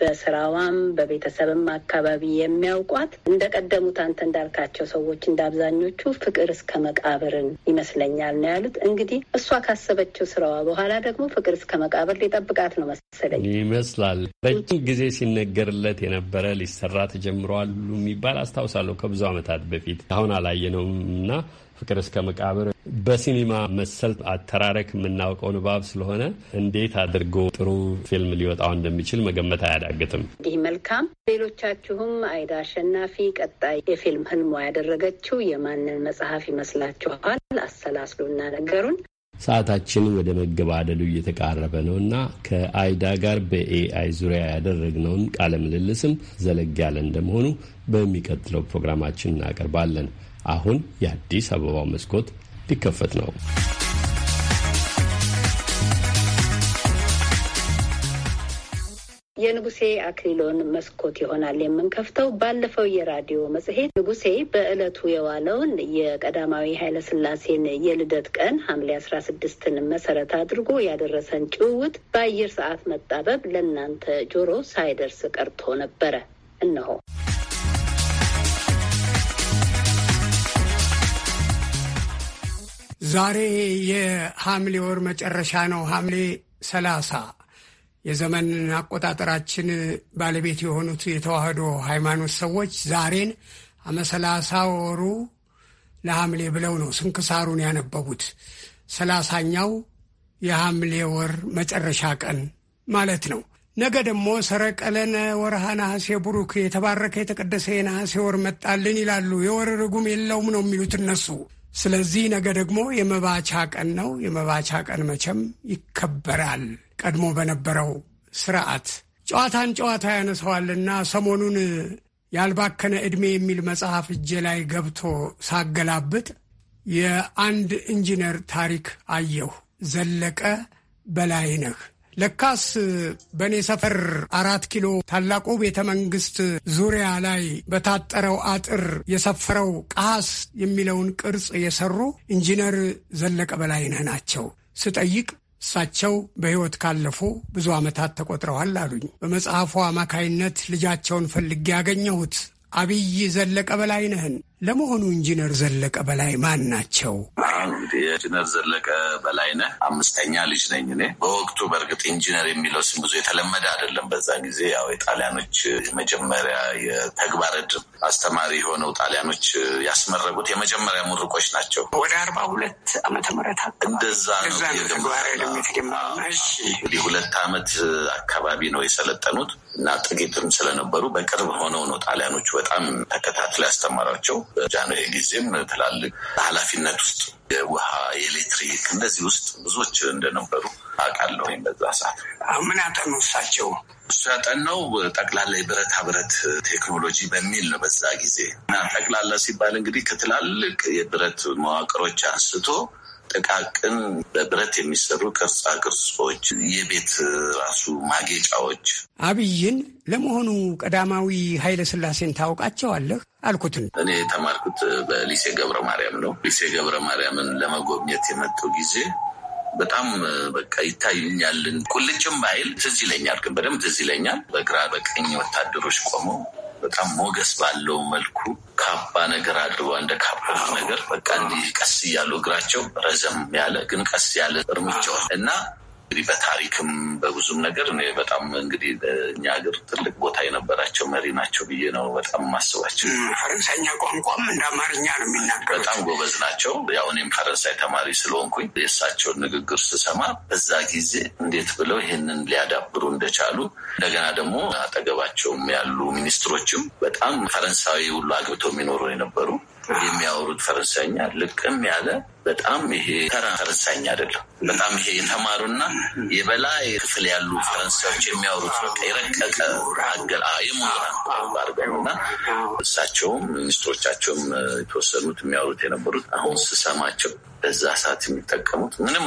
በስራዋም በቤተሰብም አካባቢ የሚያውቋት እንደ ቀደሙት አንተ እንዳልካቸው ሰዎች እንደ አብዛኞቹ ፍቅር እስከ መቃብርን ይመስለኛል ነው ያሉት። እንግዲህ እሷ ካሰበችው ስራዋ በኋላ ደግሞ ፍቅር እስከ መቃብር ሊጠብቃት ነው መሰለኝ ይመስላል። ረጅም ጊዜ ሲነገርለት የነበረ ሊሰራ ተጀምረዋል የሚባል አስታውሳለሁ ከብዙ ዓመታት በፊት አሁን አላየነውም እና ፍቅር እስከ መቃብር በሲኒማ መሰል አተራረክ የምናውቀው ንባብ ስለሆነ እንዴት አድርጎ ጥሩ ፊልም ሊወጣው እንደሚችል መገመት አያዳግትም። ይህ መልካም። ሌሎቻችሁም አይዳ አሸናፊ ቀጣይ የፊልም ህልሟ ያደረገችው የማንን መጽሐፍ ይመስላችኋል? አሰላስሉና ነገሩን። ሰዓታችን ወደ መገባደሉ እየተቃረበ ነው እና ከአይዳ ጋር በኤአይ ዙሪያ ያደረግነውን ቃለ ምልልስም ዘለግ ያለ እንደመሆኑ በሚቀጥለው ፕሮግራማችን እናቀርባለን። አሁን የአዲስ አበባው መስኮት ሊከፈት ነው። የንጉሴ አክሊሎን መስኮት ይሆናል የምንከፍተው። ባለፈው የራዲዮ መጽሔት ንጉሴ በዕለቱ የዋለውን የቀዳማዊ ኃይለስላሴን የልደት ቀን ሐምሌ አስራ ስድስትን መሰረት አድርጎ ያደረሰን ጭውውት በአየር ሰዓት መጣበብ ለእናንተ ጆሮ ሳይደርስ ቀርቶ ነበረ። እነሆ ዛሬ የሐምሌ ወር መጨረሻ ነው። ሐምሌ ሰላሳ የዘመን አቆጣጠራችን ባለቤት የሆኑት የተዋህዶ ሃይማኖት ሰዎች ዛሬን አመሰላሳ ወሩ ለሐምሌ ብለው ነው ስንክሳሩን ያነበቡት። ሰላሳኛው የሐምሌ ወር መጨረሻ ቀን ማለት ነው። ነገ ደግሞ ሰረቀለነ ወርሃ ነሐሴ ቡሩክ የተባረከ የተቀደሰ የነሐሴ ወር መጣልን ይላሉ። የወር ርጉም የለውም ነው የሚሉት እነሱ። ስለዚህ ነገ ደግሞ የመባቻ ቀን ነው። የመባቻ ቀን መቼም ይከበራል። ቀድሞ በነበረው ስርዓት ጨዋታን ጨዋታ ያነሰዋልና ሰሞኑን ያልባከነ ዕድሜ የሚል መጽሐፍ እጄ ላይ ገብቶ ሳገላብጥ የአንድ ኢንጂነር ታሪክ አየሁ። ዘለቀ በላይነህ ለካስ በእኔ ሰፈር አራት ኪሎ ታላቁ ቤተ መንግስት ዙሪያ ላይ በታጠረው አጥር የሰፈረው ቃስ የሚለውን ቅርጽ የሰሩ ኢንጂነር ዘለቀ በላይነህ ናቸው ስጠይቅ እሳቸው በሕይወት ካለፉ ብዙ ዓመታት ተቆጥረዋል አሉኝ። በመጽሐፉ አማካይነት ልጃቸውን ፈልጌ ያገኘሁት አብይ ዘለቀ በላይነህን ለመሆኑ ኢንጂነር ዘለቀ በላይ ማን ናቸው? እንግዲህ ኢንጂነር ዘለቀ በላይ ነ አምስተኛ ልጅ ነኝ እኔ። በወቅቱ በእርግጥ ኢንጂነር የሚለው ስም ብዙ የተለመደ አይደለም። በዛ ጊዜ ያው የጣሊያኖች የመጀመሪያ የተግባረ ዕድ አስተማሪ የሆነው ጣሊያኖች ያስመረቁት የመጀመሪያ ምሩቆች ናቸው። ወደ አርባ ሁለት ዓመተ ምህረት እንደዛ ነው። ሁለት ዓመት አካባቢ ነው የሰለጠኑት እና ጥቂትም ስለነበሩ በቅርብ ሆነው ነው ጣሊያኖቹ በጣም ተከታትለ ያስተማሯቸው ጃንሆይ ጊዜም ትላልቅ ኃላፊነት ውስጥ የውሃ የኤሌክትሪክ እነዚህ ውስጥ ብዙዎች እንደነበሩ አውቃለሁ። በዛ ሰዓት ምን ያጠኑ እሳቸው? እሱ ያጠናው ጠቅላላ የብረታ ብረት ቴክኖሎጂ በሚል ነው። በዛ ጊዜ ጠቅላላ ሲባል እንግዲህ ከትላልቅ የብረት መዋቅሮች አንስቶ ጥቃቅን በብረት የሚሰሩ ቅርጻ ቅርጾች፣ የቤት ራሱ ማጌጫዎች። አብይን ለመሆኑ ቀዳማዊ ኃይለ ስላሴን ታውቃቸዋለህ? አልኩትን እኔ የተማርኩት በሊሴ ገብረ ማርያም ነው። ሊሴ ገብረ ማርያምን ለመጎብኘት የመጣው ጊዜ በጣም በቃ ይታይኛልን ቁልጭም ባይል ትዝ ይለኛል፣ ግን በደንብ ትዝ ይለኛል። በግራ በቀኝ ወታደሮች ቆመው በጣም ሞገስ ባለው መልኩ ካባ ነገር አድርጓ እንደ ካባ ነገር በቃ እንዲህ ቀስ እያሉ እግራቸው ረዘም ያለ ግን ቀስ ያለ እርምጃዋል እና እንግዲህ በታሪክም በብዙም ነገር በጣም እንግዲህ እኛ ሀገር ትልቅ ቦታ የነበራቸው መሪ ናቸው ብዬ ነው በጣም ማስባቸው። ፈረንሳይኛ ቋንቋም እንደ አማርኛ ነው የሚናገሩት። በጣም ጎበዝ ናቸው። ያው እኔም ፈረንሳይ ተማሪ ስለሆንኩኝ የእሳቸውን ንግግር ስሰማ በዛ ጊዜ እንዴት ብለው ይህንን ሊያዳብሩ እንደቻሉ እንደገና ደግሞ አጠገባቸውም ያሉ ሚኒስትሮችም በጣም ፈረንሳዊ ሁሉ አግብተው የሚኖሩ የነበሩ የሚያወሩት ፈረንሳይኛ ልቅም ያለ በጣም ይሄ ተራ ፈረንሳይኛ አይደለም። በጣም ይሄ የተማሩና የበላይ ክፍል ያሉ ፈረንሳዮች የሚያወሩት በቃ የረቀቀ አገል የምሁራን አድርገውና እሳቸውም ሚኒስትሮቻቸውም የተወሰኑት የሚያወሩት የነበሩት አሁን ስሰማቸው በዛ ሰዓት የሚጠቀሙት ምንም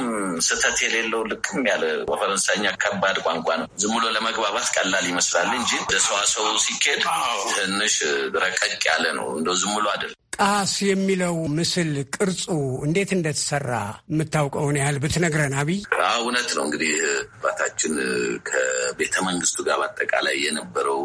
ስህተት የሌለው ልቅም ያለ በፈረንሳይኛ ከባድ ቋንቋ ነው። ዝም ብሎ ለመግባባት ቀላል ይመስላል እንጂ ለሰዋሰው ሲኬድ ትንሽ ረቀቅ ያለ ነው። እንደ ዝም ብሎ አይደለም። ጣስ የሚለው ምስል ቅርጹ እንዴት እንደተሰራ የምታውቀውን ያህል ብትነግረን አብይ። እውነት ነው እንግዲህ አባታችን ከቤተ መንግስቱ ጋር በአጠቃላይ የነበረው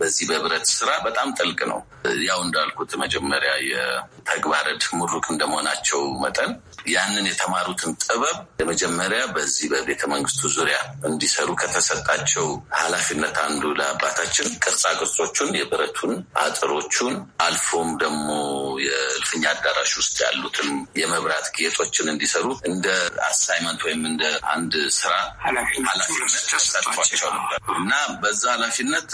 በዚህ በብረት ስራ በጣም ጥልቅ ነው። ያው እንዳልኩት መጀመሪያ የተግባረ ምሩቅ እንደመሆናቸው መጠን ያንን የተማሩትን ጥበብ የመጀመሪያ በዚህ በቤተ መንግስቱ ዙሪያ እንዲሰሩ ከተሰጣቸው ኃላፊነት አንዱ ለአባታችን ቅርጻ ቅርጾቹን የብረቱን አጥሮቹን አልፎም ደግሞ የእልፍኛ አዳራሽ ውስጥ ያሉትን የመብራት ጌጦችን እንዲሰሩ እንደ አሳይመንት ወይም እንደ አንድ ስራ ኃላፊነት ሰጥቷቸው ነበር እና በዛ ኃላፊነት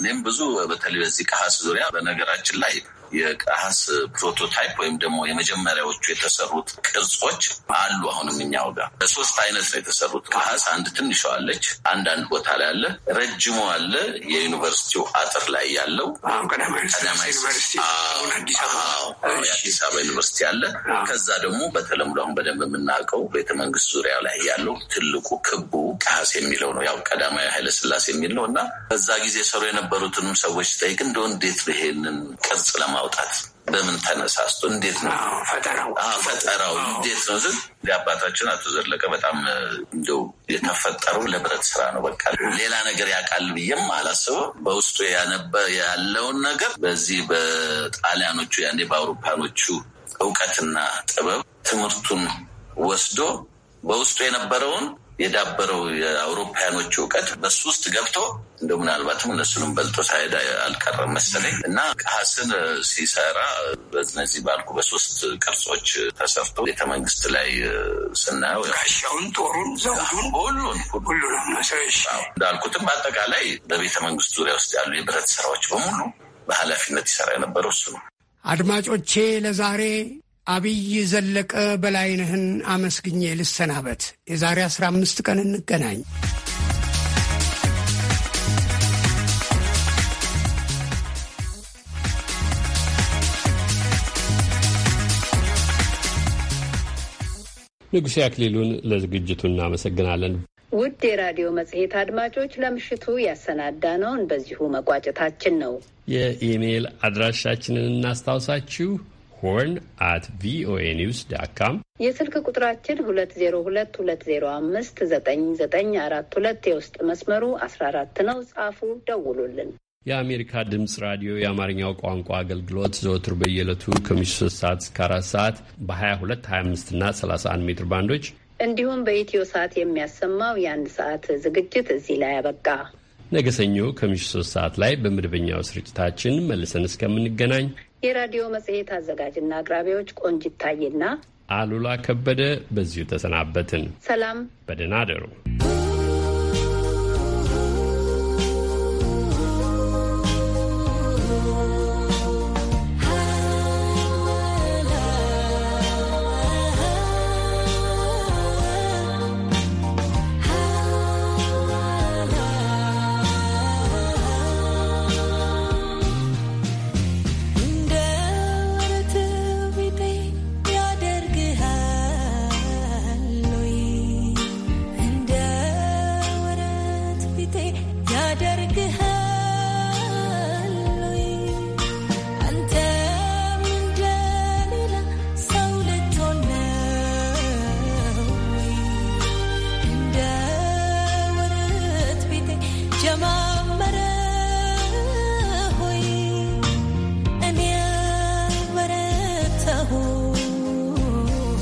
እኔም ብዙ በተለይ በዚህ ከሀስ ዙሪያ በነገራችን ላይ የቀሀስ ፕሮቶታይፕ ወይም ደግሞ የመጀመሪያዎቹ የተሰሩት ቅርጾች አሉ። አሁንም እኛው ጋር በሶስት አይነት ነው የተሰሩት። ቀሀስ አንድ ትንሿ አለች፣ አንዳንድ ቦታ ላይ አለ፣ ረጅሙ አለ፣ የዩኒቨርሲቲው አጥር ላይ ያለው ቀዳማዊ አዲስ አበባ ዩኒቨርሲቲ አለ። ከዛ ደግሞ በተለምዶ አሁን በደንብ የምናውቀው ቤተመንግስት ዙሪያ ላይ ያለው ትልቁ ክቡ ቀሀስ የሚለው ነው። ያው ቀዳማዊ ኃይለስላሴ የሚል ነው እና በዛ ጊዜ ሰሩ የነበሩትንም ሰዎች ጠይቅ እንደው እንዴት ይሄንን ቅርጽ ለማ ማውጣት በምን ተነሳስቶ እንዴት ነው ፈጠራው እንዴት ነው ስል የአባታችን አቶ ዘለቀ በጣም እንደው የተፈጠረው ለብረት ስራ ነው። በቃ ሌላ ነገር ያውቃል ብዬም አላስበው። በውስጡ ያነበ ያለውን ነገር በዚህ በጣሊያኖቹ ያኔ በአውሮፓኖቹ እውቀትና ጥበብ ትምህርቱን ወስዶ በውስጡ የነበረውን የዳበረው የአውሮፓያኖች እውቀት በሱ ውስጥ ገብቶ እንደ ምናልባትም እነሱንም በልጦ ሳይሄድ አልቀረም መሰለኝ እና ሀስን ሲሰራ በነዚህ ባልኩ በሶስት ቅርጾች ተሰርቶ ቤተ መንግስት ላይ ስናየው ጋሻውን፣ ጦሩን፣ ዘውዱን ሁሉን እንዳልኩትም በአጠቃላይ በቤተ መንግስት ዙሪያ ውስጥ ያሉ የብረት ስራዎች በሙሉ በኃላፊነት ይሰራ የነበረው እሱ ነው። አድማጮቼ ለዛሬ አብይ ዘለቀ በላይነህን አመስግኜ ልሰናበት። የዛሬ 15 ቀን እንገናኝ። ንጉሴ አክሊሉን ለዝግጅቱ እናመሰግናለን። ውድ የራዲዮ መጽሔት አድማጮች ለምሽቱ ያሰናዳ ነውን በዚሁ መቋጨታችን ነው። የኢሜይል አድራሻችንን እናስታውሳችሁ ሆርን አት ቪኦኤ ኒውስ ዳት ካም የስልክ ቁጥራችን ሁለት የውስጥ መስመሩ አራት ነው። ጻፉ፣ ደውሉልን። የአሜሪካ ድምጽ ራዲዮ የአማርኛው ቋንቋ አገልግሎት ዘወትር በየዕለቱ ከምሽቱ ሶስት ሰዓት እስከ 4 ሰዓት በ22፣ 25 እና 31 ሜትር ባንዶች እንዲሁም በኢትዮ ሰዓት የሚያሰማው የአንድ ሰዓት ዝግጅት እዚህ ላይ አበቃ። ነገ ሰኞ ከምሽቱ ሰዓት ላይ በመደበኛው ስርጭታችን መልሰን እስከምንገናኝ የራዲዮ መጽሔት አዘጋጅና አቅራቢዎች ቆንጅት ታዬና አሉላ ከበደ በዚሁ ተሰናበትን። ሰላም፣ በደህና አደሩ።